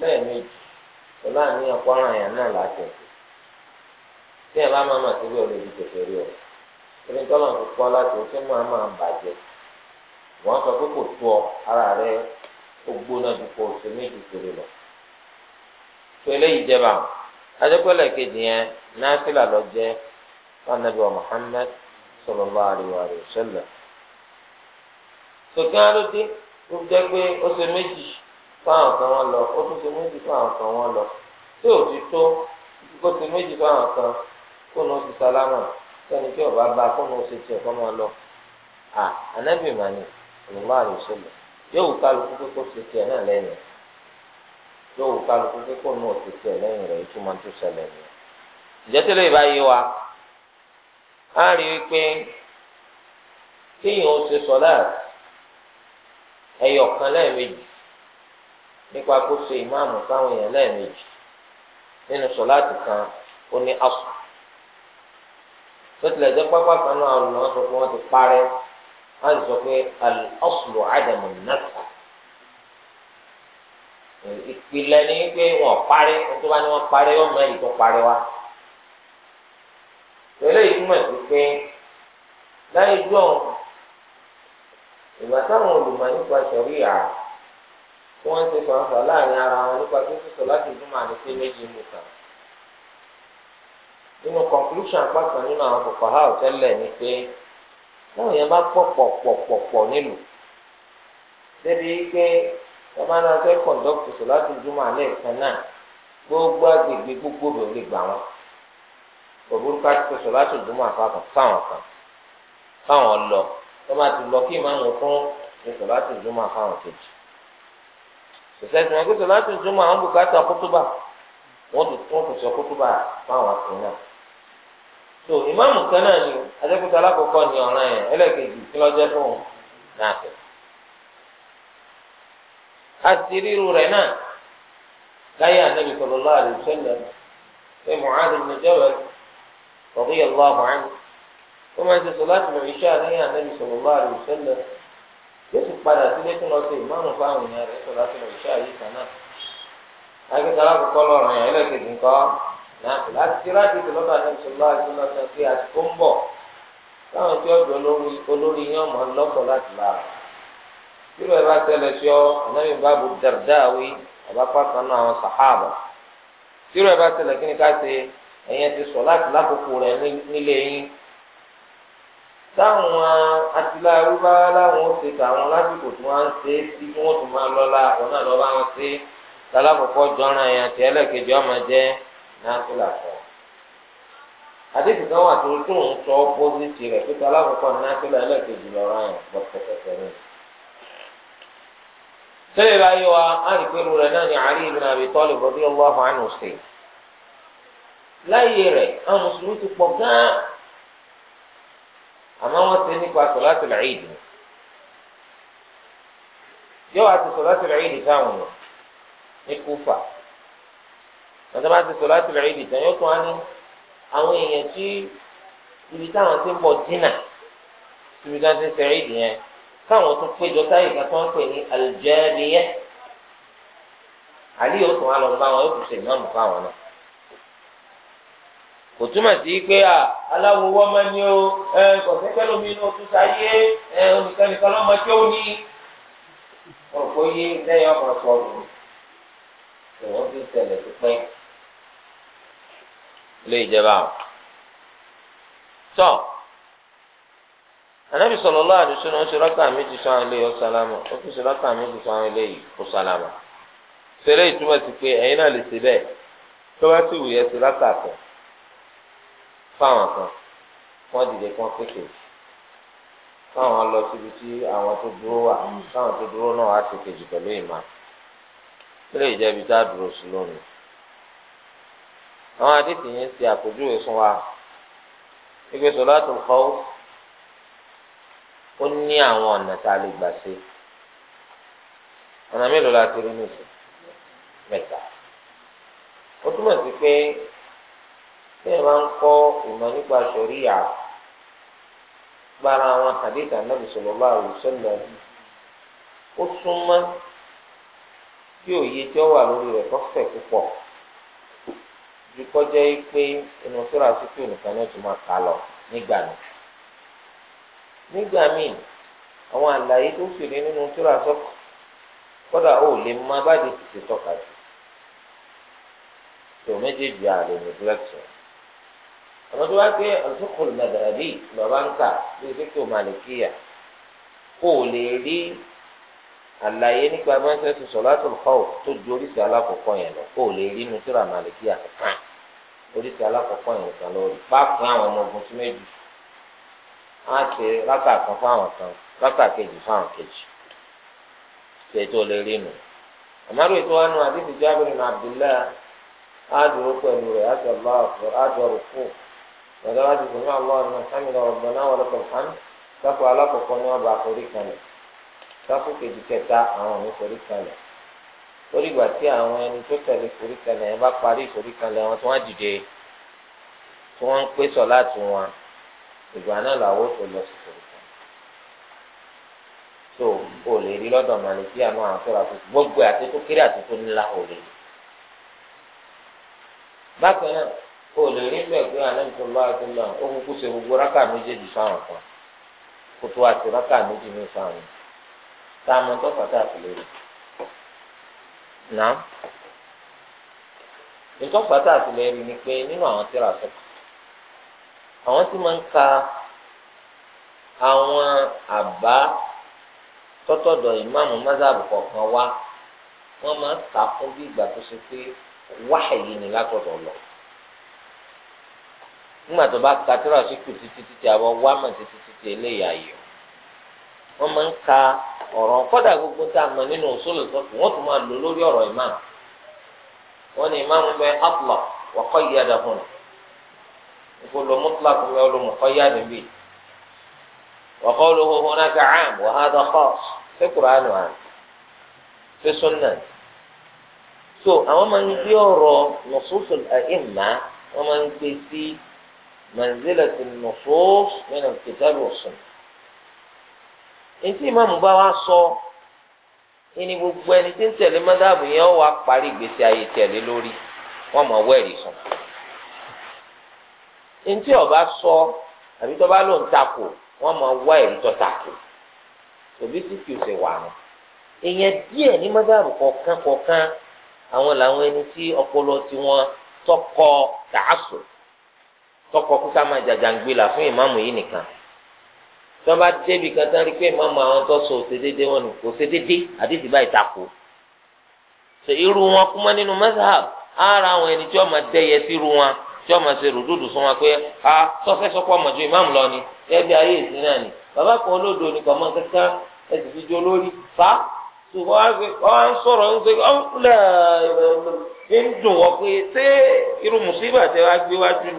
lẹ́ẹ̀mejì pẹ̀lú àníyàn kọ́ra yẹn náà láti ẹ̀sìn tí ẹ̀ bá máa ma ti rí ọ lójú kẹfẹ́ rí ọ ẹni tọ́lọ̀ ń kọ́ láti ó máa máa bàjẹ́ wọ́n sọ pé ara rẹ ó gbóná ju kó o ṣe méjì péré lọ tó eléyìí jẹba kejì yẹn násìlà lọ jẹ fanabi Muhammad sọ̀kẹ́ ló jẹ́ fáwọn kan wọn lọ ó tún ṣe méjì kan wọn lọ tí ò ti tó kó ti méjì fáwọn kan kó nu ti sálámà sẹni tí ọba bá kó nu ṣe tiẹ̀ kọ́ lọ à anábì màní ìlúmọ àlùsọlẹ yóò wù kálukú pé kó náà yóò wù kálukú pé kó nu tó ni wa a rí i pé kéèyàn ó nípa kó so ìmáàmù fáwọn èèyàn lẹ́ẹ̀mejì nínú sọláàtì kan ó ní asù tó tilẹ̀ jẹ́ pápá kan náà àwọn olùmọ̀ sọ pé wọ́n ti parẹ́ wọ́n sì sọ pé al-aslu adamu nasa ìpìlẹ̀ ni pé wọ́n parẹ́ tó bá ní wọ́n parẹ́ yóò mọ èyí parẹ́ wá pẹ̀lú ìtumọ̀ sí pé láyé jọ̀ọ́ ìgbà táwọn olùmọ̀ nípa sọ̀rí àá. wọ́n ti fàǹfà láàrin ara wọn nípa pé sísọ láti ìdúmọ̀ àdìsí méjì mú kan. nínú conclusion pàtàkì nínú àwọn kòkòrò àwòtẹ́lẹ̀ ni pé táwọn yẹn bá pọ̀ pọ̀ pọ̀ nílùú débi pé wọ́n máa ń lọ kọ̀ǹdọ́kì gbogbo agbègbè gbogbo lè gbà wọ́n. òbúrú ká ti kan ìsẹ́sìn wọn gbèsè láti ìjọmọ àwọn bùkátà kótóbà wọn tún tún kùsọ kótóbà fáwọn àti náà tó ìmáàmù kan náà ni adékúta alákọ̀ọ́kọ́ ni ọ̀ràn yẹn ẹlẹ́kejì fún un náà tẹ̀. àti ríru rẹ̀ náà láyé ibn wọ́n máa ń sọ láti mọ̀ iṣẹ́ àlẹ́ yóò sì padà sílé tó lọ sí ìmáàmù fáwọn èèyàn rẹ̀ sọ̀rọ̀ àti ìṣe àyè kan náà. akẹ́kọ̀ọ́ alákòókò lọ́rùn yẹn ẹlẹ́kẹ̀dì ńkọ́ láti ti ráàdì tó lọ́dọ̀ àti ìṣòlá àti ìṣòlá pé àsìkò ń bọ̀ táwọn tí ọ̀dọ̀ olórí yẹn ọmọ lọ́pọ̀ láti lára. bírò ẹ bá tẹ́lẹ̀ sí ọ ọ̀nàmì báàbù dàrdáwì àbápákan náà àwọn sàhábà. bírò bá tẹ́lẹ̀ kí ni ká ṣe ẹ̀yẹn ti sọ láti lákòókò rẹ̀ nílé yín táwọn atiláwo bá láwọn ó ṣe tàwọn lásìkò tí ń ṣe kí wọ́n tún máa lọ́la àwọn náà bá wọn ṣe lálákòókò jọra yẹn àti ẹlẹ́kejì ọmọ jẹ́ náà tó là fọ. àdéhùn kan wà tó tó ń sọ pé náà tó là láyé àwọn mùsùlùmí ti àmọ́ wọ́n ti nípa sọ̀láṣì làyè dùn yóò wá ti sọ̀láṣì làyè dùn sáwọn ọ̀nà ní kúfà wọ́n ti máa ti sọ̀láṣì làyè dùn sáwọn yóò tún wá ní àwọn èèyàn tí ibi táwọn ti ń bọ̀ dínà ibi táwọn ti ń sẹ̀rí dùn yẹn káwọn tún péjọ táyì kan tó ń pè ní alìjẹ́ẹ́lìyẹ́ àlíyé ó tún wá lọ bá wọn ó tún ṣe ìmọ̀ọ́mù fáwọn náà kò túmọ̀ sí pé à aláwo wọ́n máa ní o ẹ kọ̀ọ̀kẹ́ pẹ́lú mi inú oṣù sáyé ẹ onìkanìkan lọ́mọ tí ó ní. ọ̀pọ̀ yé lẹ́yìn ọmọ sọ̀rọ̀ ìwọ́n ti tẹ̀lé ti pẹ́. ilé ìjẹba o. tọ́ anabi sallallahu alaihi wasallam ó ṣe rákà méjì sọ àwọn eléyìí sálámà ó ṣe rákà méjì sọ àwọn eléyìí ó sálámà. ṣeré ìtumọ̀ sí pé ẹ̀yin náà lè ṣe bẹ́ẹ̀ tó bá ti wù yẹ ti rákà kan fáwọn kan wọ́n dìde kí wọ́n pèsè fáwọn lọ síbi tí àwọn tó dúró wà fáwọn tó dúró náà wá ti kejì pẹ̀lú ìmọ̀ lè jẹ́ ibi tá a dúró sí lónìí. àwọn àdìsí yẹn ti àpèjúwe fún wa wípé sọláàtù khawf ó ní àwọn ọ̀nà tá a lè gbà ṣe ọ̀nà mélòó la ti rí nìyí mẹ́ta ó túmọ̀ sí pé. bẹ́ẹ̀ máa ń kọ́ ìmọ̀ nípa ṣòríyà gbára àwọn àdéhùn anábì sallallahu alaihi wasallam ó súnmọ́ kí òye tí ó wà lórí rẹ̀ kọ́ fẹ̀ púpọ̀ ju kọjá yìí pé inú sọ́ra síkú nìkan náà tún máa kà lọ nígbà nígbà míì àwọn àlàyé tó sì rí nínú sọ́ra kódà ó lè bá di tètè tọ́ka àmọ́ tó bá gbé ọ̀sùnkùn lẹ́dàbí lọ́ba ń kà bí fíkì màlìkíyà kó o lè rí àlàyé nípa mọ́sẹ́sì sọ̀látò kọ́ọ̀ tó ju oríṣi alákọ̀ọ́kọ́ yẹn lọ kó o lè rí nùtúrà màlìkíyà kankan oríṣi alákọ̀ọ́kọ́ yẹn kan lórí pápá àwọn ọmọ ogun sí méjì á ṣe rákà kan fáwọn kan rákà kejì fáwọn kejì ṣètò lè rí nù àmàlù ètò wa nù àdìsí jábìrì nà Abdullahi á pẹ̀lú rẹ̀ á gbàdá wájú sèmi àwọn ọ̀nà sami lọ ọ̀gbọ̀n náà wọlé kọ̀ọ̀kan sáfù alákọ̀ọ́kọ́ ni wọ́n bá forí kalẹ̀ sáfù kejì kẹta àwọn òní forí kalẹ̀ lórí ìgbà tí àwọn ẹni tó tẹ̀lé forí kalẹ̀ yẹn bá parí forí kalẹ̀ wọn tí wọ́n dìde tí wọ́n ń pé sọ láti wọn ìgbà náà làwọn tó lọ sí forí kalẹ̀ tó o lè rí lọ́dọ̀ màlìkí o lè rí bẹ́ẹ̀ pé anabi sallallahu alaihi wasallam ó kúkú ṣe gbogbo rákà méjèèjì fáwọn kan kó tó àti rákà méjì ní fáwọn tá a mọ tó fàtà àtìlérò náà nítorí fàtà àtìlérò ni pé nínú àwọn tíra sọkà àwọn tí máa ń ka àwọn àbá tọ́tọ̀dọ̀ ìmáàmù mázàbù kọ̀ọ̀kan wá wọ́n máa ń ta fún bí ìgbà tó ṣe pé wáhàyè ni látọ̀dọ̀ lọ nígbà tó bá ka tíra sí kù títí títí àbọ̀ wá mọ̀ títí títí eléyà yọ wọ́n máa ń ka ọ̀rọ̀ kọ́dà gbogbo tá a mọ̀ nínú òṣòlù sọ́kù wọ́n tún máa lò lórí ọ̀rọ̀ ìmáàmù wọ́n ní ìmáàmù bẹ atlọ̀ wọ́kọ́ yí adàkùn ìfọlọ́ mutlaq bẹ olùmọ̀kọ́ yá níbí wọ́kọ́ olówó hunaka àm wàhádà kọ́s ṣé kùránù à ṣé súnà so àwọn máa ń gbé ọ̀rọ̀ nùsùsùn àìmá wọ́n máa ń gbé sí. منزلة النصوص من الكتاب والسنة ntí ìmáàmù bá wa sọ ẹni gbogbo ẹni tí ń tẹ̀lé mọ́dàbù yẹn wà parí ìgbésí ayé tẹ̀lé lórí wọ́n mọ̀ wẹ́ẹ̀rì sùn ntí ọba sọ àbí tọ́ba ló ń takò wọ́n mọ̀ wẹ́ẹ̀rì tọ́ takò òbí sì kì í ṣe wà wọn. èèyàn díẹ̀ ní mọ́dàbù kọ̀ọ̀kan kọ̀ọ̀kan àwọn làwọn ẹni tí ọpọlọ tiwọn tọkọ tààsùn tọkọ kó ká máa jàjàngbìlà fún ìmáàmù yìí nìkan tó bá débi kan tán rí pé ìmáàmù àwọn tó so ṣe déédéé wọn kò ṣe déédéé àdéhùn báyìí takò ṣe irú wọn kú nínú ara àwọn ẹni tí wọ́n máa dẹ́yẹ sí irú wọn tí wọ́n máa ṣe sún wọn pé a sọ́sẹ́ ọmọ ju ìmáàmù lọ ni ẹbí ayé ìsìn náà bàbá kan ni kò mọ fa ń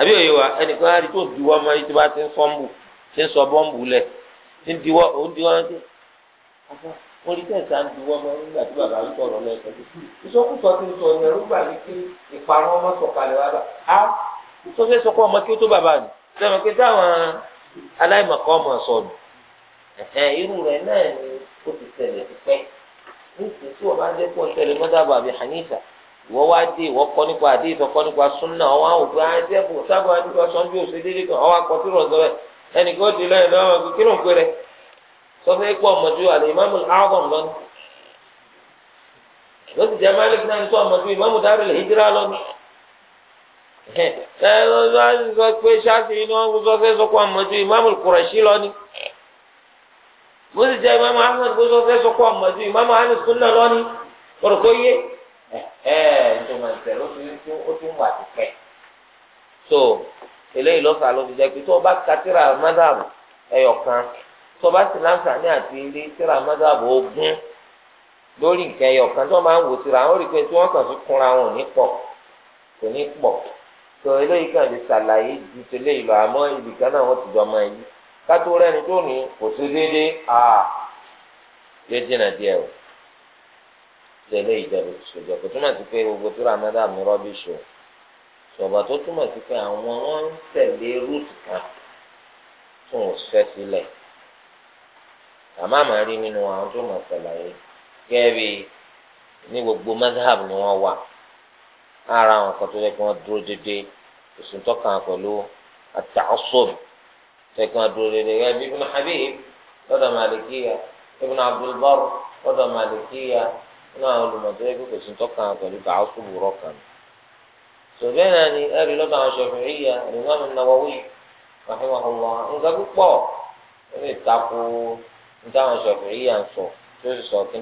àbí òye wa ẹnìkan á rí tó diwọ́ ọmọ yìí tó bá ti ń fọ́nbù ti ń sọ bọ́ǹbù lẹ̀ ti ń diwọ́ ó ń diwọ́ ọ́n dé afọ wọn rí tẹ̀sán ń diwọ́ ọmọ nígbà tí bàbá ń sọ̀rọ̀ lẹ́sọ̀ ìsọkúsọ ti ń sọ ní ẹrú gbà wí pé ìparun ọmọ sọ̀kalẹ̀ wa bá a tó fẹ́ sọ fún ọmọ kí ó tó bàbá mi sẹ́wọ̀n pé táwọn aláìmọ̀kọ́ ọmọ sọ̀nù irú rẹ̀ náà ni ó ti tẹ̀lé ti pẹ́ ní ìsìn tí wọ́n bá ń dẹ́kun tẹ̀lé mọ́tàbà àbí Hanifa wọ́n wá dé wọ́n kọ́ nípa àdé ìtọ́kọ́ nípa súnà ọ̀wọ́n àwọn òkú àwọn ah, ẹ̀jẹ̀ bò sábà nípa sọ́njú òsè dédé kan ọ̀wọ́n akọ tí rọ̀ sọ́rẹ́ ẹnìkan ti lẹ́yìn lọ́wọ́ pé kí ló ń pè rẹ̀ sọ́fẹ́ pọ̀ mọ̀jú àlè ìmáàmù áwọ̀n lọ́nù ló ti jẹ́ malik náà ń tọ́ mọ̀jú ìmáàmù dárò lè hijira lọ́nù. ẹ ẹ lọ́wọ́ sọ pé jẹ́ ìmáàmù ahmed bó sọ fẹ́ sọ ẹ̀ẹ́ ìjọba ìṣẹ̀lẹ̀ ó ti ń wà ti pẹ́. so eléyìí ló fà ló fi jẹ́ pé tó o bá ka tíra mádàbù ẹyọ kan tó o bá sì láǹfààní àti ilé tíra mádàbù ogún lórí nǹkan ẹyọ kan tó máa ń wò síra àwọn olùkọ́ tí wọ́n kàn fi kúnra wọn ò ní pọ̀ kò ní pọ̀ tó eléyìí kàn lè ṣàlàyé ju tẹ́lẹ̀ ìlọ àmọ́ ibìkan náà wọ́n ti jọ ọmọ yìí kátó rẹ́ni tó ní kò sí déédéé à yóò jìnnà díẹ̀ o. tẹ́lẹ̀ ìjẹ́bù ṣèjọ kò túmọ̀ sí pé gbogbo tó rà mẹ́ta mi rọ́bìṣì o ṣọ̀bà tó túmọ̀ sí pé àwọn wọ́n ń tẹ̀lé rúùtù kan tó ń fẹ́ sílẹ̀ àmọ́ rí nínú àwọn tó mọ̀ ní gbogbo madhab ni wọ́n wà ara àwọn kan tó yẹ kí wọ́n dúró déédéé pẹ̀lú nínú àwọn olùmọ̀tò ẹgbẹ́ kò sí tọ́kàn pẹ̀lú bàásù wúrọ̀ kan. sọ̀bẹ́ náà ni ẹ̀rí lọ́dọ̀ àwọn Ṣafi'iyya Imam Nawawi rahimahullah nǹkan púpọ̀ ó lè takò níta àwọn Ṣafi'iyya ń sọ tó sì sọ kí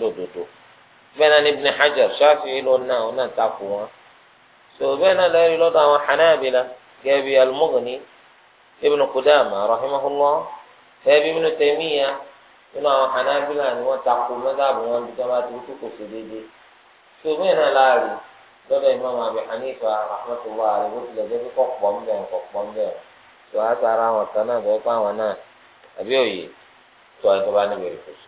bẹ́ẹ̀ náà ni Hajar náà náà takò wọn. sọ̀bẹ́ náà lọ́dọ̀ àwọn Ibn Ibn nínú àwọn hanabila ni wọ́n takò mọ́tàbù wọn bí sọ́mà tó kú kò sí déédéé tó bẹ́ẹ̀ náà láàrin lọ́dọ̀ Imam Abi Hanifa rahmatullahi alayhi bó tilẹ̀ jẹ́ kíkọ́ pọ̀ ń bẹ̀rẹ̀ kọ̀ pọ̀ ń bẹ̀rẹ̀ tó a sara àwọn kan náà bẹ́ẹ̀ pa àwọn náà àbí òye tó a ìjọba níbẹ̀rẹ̀ kò sí.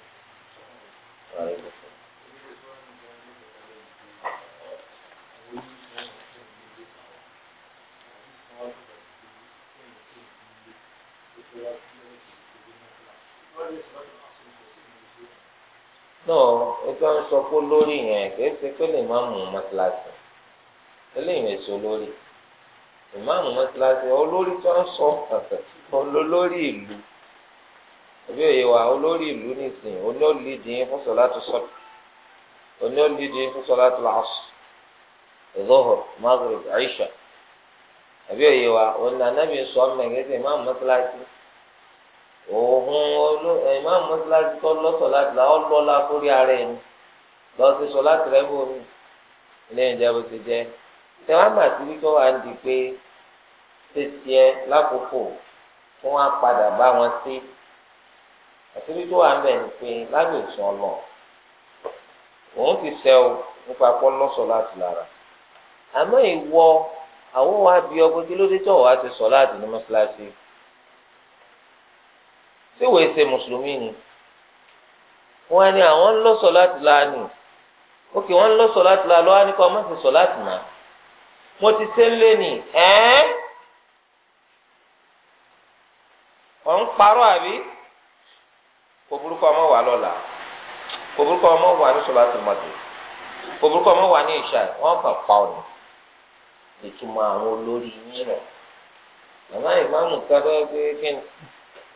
náà ẹjọ́ ń sọ pé lórí yẹn kìí ṣe pé lè má mú mọ́tíláṣí eléyìí èso lórí ìmáàmù mọ́tíláṣí olórí tó ń sọ olólórí ìlú ẹbí òye wa olórí ìlú nìsín oníolídìí fún sọláàtú fún aisha ẹbí òye wa onílànà sọ ọmọ ẹgbẹ́ sẹ òun eh, imam mọ́sálásí tó lọ́sọ̀ láti la ọlọ́lá kórí ara ẹni lọ sí sọ láti rẹ bò mí ilé ìjẹ bó ti jẹ tẹwọn àmà tí wíkọ wà ń di pé tètè ẹ lákòókò tí wọn á padà bá wọn sí àti wíkọ wà ń bẹ ní pé lábẹ́ òsùn ọlọ òun ti sẹ o nípa pọ lọ́sọ̀ láti lára àmọ́ ìwọ àwọn wa bí ọgbẹ kí ló dé ti sọ láti ní mọ́sálásí ṣé wòye ṣe mùsùlùmí ni wọn ni àwọn ń lọ sọ láti la ni òkè wọn ń lọ sọ láti la lọ́wọ́ nípa ọmọ ti sọ láti nà mo ti ṣe ń lé ni ẹ́ẹ́ ọ̀ ń parọ́ àbí kò burúkú ọmọ wà lọ́la kò burúkú ọmọ wà ní sọlá kò burúkú ọmọ wà ní ìṣá wọn kàn pa ọ̀nà ìtumọ̀ àwọn olórí yín rẹ̀ bàbá ìmáàmù kábẹ́ gbé kíni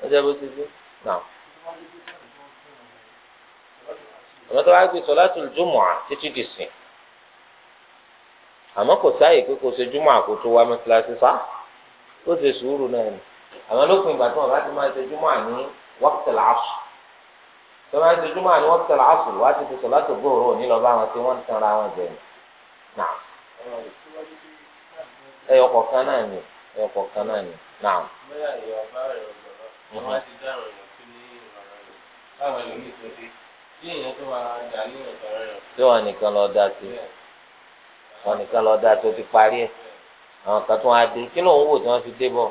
ọjọ́ bó ti dé náà. àmọ́ tó bá gbé sọ̀látùl jumu'a títí di sìn àmọ́ kò sáàyè pé kò ṣe júmọ̀ àkótó wa mọ́sálásí sá ó ṣe sùúrù náà ni àmọ́ lópin ìgbà tí wọ́n bá ti máa ṣe júmọ̀ ní wákìtìlá àṣù tó máa ṣe júmọ̀ ní wákìtìlá àṣù wá ti fi sọ̀látù gbòòrò òní lọ bá wọn tí wọ́n ń tanra wọn jẹ náà ẹyọkọ̀ kan náà ni ẹyọkọ̀ kan náà ni náà wọ́n bá ti dá ọ̀rọ̀ sí ní ọ̀rọ̀ rẹ̀ báwọn ẹlòmíì tó dé tí èèyàn tó máa dà ní ọ̀tọ̀ rẹ̀. tí wọn nìkan lọ dá sí wọn nìkan lọ dá tó ti parí ẹ àwọn kan tó wá dé kí ló ń wò tí wọn fi dé bọ.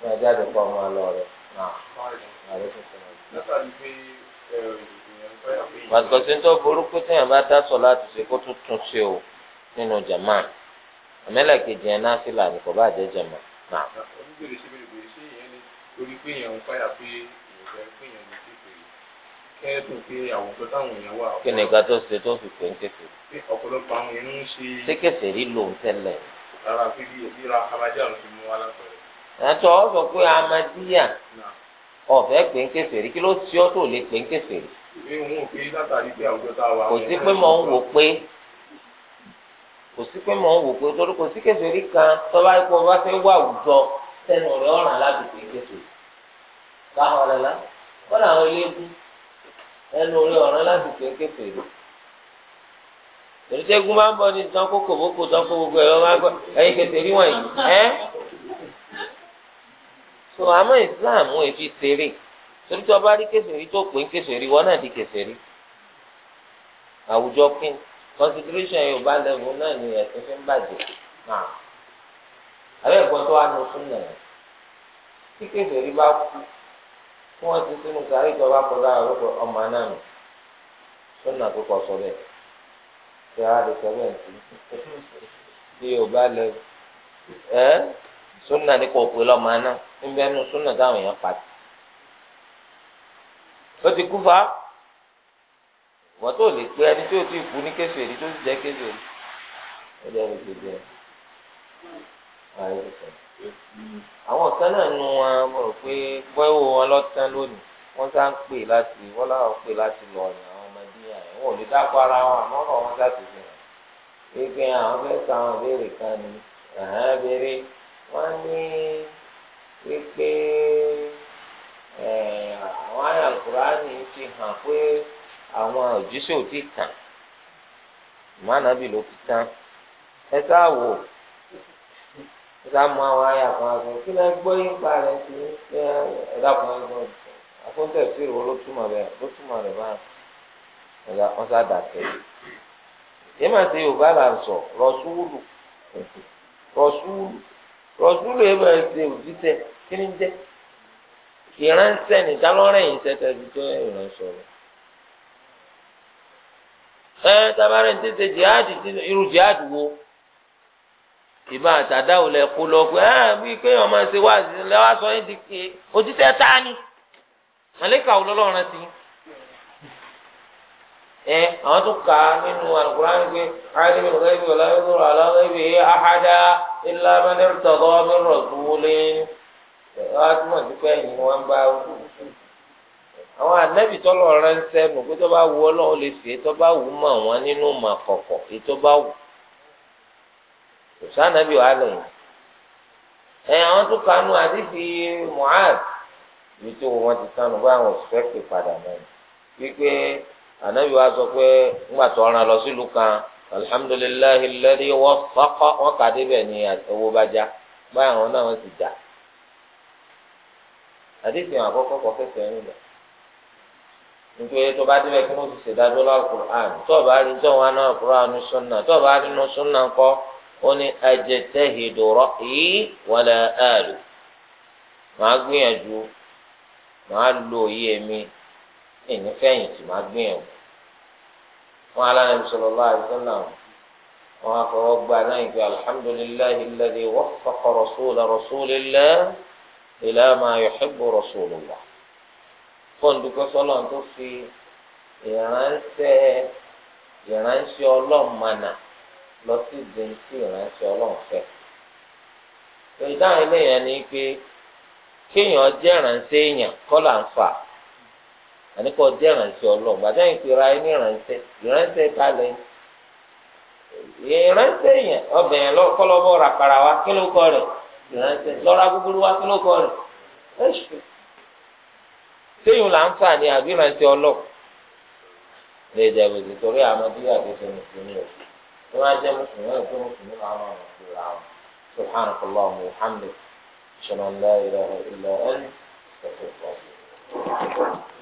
wọn ẹja ti kọ ọmọ lọ rẹ pàtàkì tó burúkú téèyàn bá dá sọ láti ṣe kó tún tún ṣe o nínú jàmáà àmẹ́lẹ̀ kejì ẹ̀ náà fìlà ní kò bá jẹ́ jẹ̀mọ̀ náà. oníbèrè ṣe bèrè bèrè ṣé ìyẹn ni torí pé èèyàn ń fàyà pé èèyàn pé èèyàn ní kékeré kẹ́ẹ̀dùn pé àwùjọ táwọn èèyàn wà. kí ni nǹkan tó ṣe tó fi pè ń kékeré. pé ọ̀pọ̀lọpọ̀ àwọn èèyàn ń ṣe. ṣé kẹsẹ̀ rí lòun tẹ́lẹ̀. rárá pé ríra alájà ló fi mú wa lápẹ̀rẹ̀. àtọ̀ ọ kò sí pé ń wò pé torí kò sí kẹsìrì kan tọ́ba ikú bá fẹ́ wà àwùjọ sẹ́nu rẹ̀ ọ̀ràn ládùúgbò ìkẹsìrì káwọn ọ̀lẹ́lá wọ́n làwọn eléégún ẹnu rẹ̀ ọ̀ràn ládùúgbò ìkẹsìrì tẹ̀síṣẹ́gun máa ń bọ̀ ní kókò bókò tán gbogbo ẹ̀rọ máa ń gbọ́ wọ̀nyí constitution yorùbá level náà ni ẹ̀sìn fi ń bàjẹ́ náà àbẹ́ ẹ̀gbọ́n tó wà ní oṣù náà tí kéferì bá kú tí wọ́n ti sínú sáré ìjọba kọjá àrùkọ ọmọ náà nù sọ́nà tó kọ sọ bẹ́ẹ̀ tí a lè sọ bẹ́ẹ̀ tí yorùbá level ẹ́ sọ́nà ní kò pé lọ́mọ náà níbẹ̀ nù sọ́nà táwọn èèyàn pàtì ó ti kú fa wọ́n tó lè pé ẹni tí ó ti kú ní kéṣù èdè tó sì jẹ́ kéṣù èdè ó jẹ́ ẹni tó jẹ́ àwọn kan náà nu wọn mo rò pé bọ́ẹ̀wò wọn lọ́tàn lónìí wọ́n sá ń pè láti wọ́n láwọn pè láti lọ ọ̀yàn àwọn ọmọdé yẹn wọn ò lè dákọ̀ ara wọn àmọ́ ọ̀rọ̀ wọn sá ti fi hàn pé àwọn fẹ́ sa àwọn ìbéèrè kan ni ẹ̀hán béèrè wọ́n ní wípé àwọn àyàkùrá ni ti hàn pé àwọn òjíṣẹ́ òdì kan ìmọ̀nàbí ló ti tán ẹ sáà wò ẹ sáà mọ àwọn ayé àwọn àgbẹ̀ kí lẹ́ gbọ́ yípa rẹ̀ sí ẹ dákun ẹgbẹ́ àfọ́ńtẹ̀ sí ìwọ ló túmọ̀ rẹ̀ ló túmọ̀ rẹ̀ báyìí ẹ̀dá wọ́n sá dàtẹ̀ yìí màá ṣe yorùbá là ń sọ rọ̀ṣúlù rọ̀ṣúlù rọ̀ṣúlù yìí màá ṣe òjíṣẹ́ kí ni jẹ́ ìránṣẹ́ nìkan lọ́rẹ̀ yìí ṣẹ́tẹ̀ fi tó ìránṣẹ́ rẹ̀. ẹ tabarẹ ní tẹsẹ jihad irú jihad wo ìbá àtàdáwò lẹ kó lọ pé ẹ ah, bí kéèyàn máa ṣe wá sí sọ yín di ké ni wò ẹ àwọn tó kà á nínú pé ayélujára ahada ilá rọ̀ tó wọlé àwọn ànábì tó lọ rẹ ń sẹnu pé tó bá wù ọ lọ́wọ́ lè fìyé tó bá wù mọ̀ wọn nínú mọ̀ kọ̀kọ̀ èyí tó bá wù kò sí ànábì wà lóyún ẹ àwọn tó kanú àdìsí Mu'adh ibi tó wọn ti sànù bá àwọn òṣìṣẹ́ pè padà náà wípé ànábì wa sọ pé ńgbà tó ọ̀ràn lọ sílùú kan alhamdulillahi alladhi wọ́n kọ́kọ́ wọ́n kà débẹ̀ ní owó bá já báyà náà wọ́n sì já àdìsí àwọn àkọ́kọ́ kọ́ lọ nítorí tó bá débẹ̀ kí wọ́n ti ṣèdájọ́ lálùkùrán tó o bá rí tó wọn náà kúrán ní súnà tó o bá rí ní súnà ńkọ́ ó ní ajtahidu ra'yi wala alu màá gbìyànjú màá lo òye mi ìní fẹ̀yìntì màá gbìyànjú wọn aláàánú sallallahu alaihi wasallam wọn afọwọ́ gba náà ìgbà alhamdulillahi alladhi waffaqa rasula rasulillah ila ma yuhibbu rasulullah. fóun dúpẹ́ tó fi ìránṣẹ́ ìránṣẹ́ ọlọ́run lọ sí ìdíntì ìránṣẹ́ ọlọ́run ìdáhùn eléyàn ni pé kéèyàn jẹ́ ìránṣẹ́ èèyàn kọ́là ń fà àníkọ́ jẹ́ ìránṣẹ́ ọlọ́run gbàdá ìpera ẹni ìránṣẹ́ ìránṣẹ́ balẹ̀ ìránṣẹ́ èèyàn ọbẹ̀ wa kí ló rẹ̀ ìránṣẹ́ lọ́ra wa kí ló rẹ̀ séyìn là ń fà ní àbí ìrántí ọlọ lè jẹ gbèsè torí àwọn bí àgbẹsẹ mùsùlùmí o tí wọn á jẹ mùsùlùmí o tí mùsùlùmí máa ń rọrùn sí ra wọn subhanahu wa ta'ala muhammed shalom la ilaha illa anta astaghfiruka.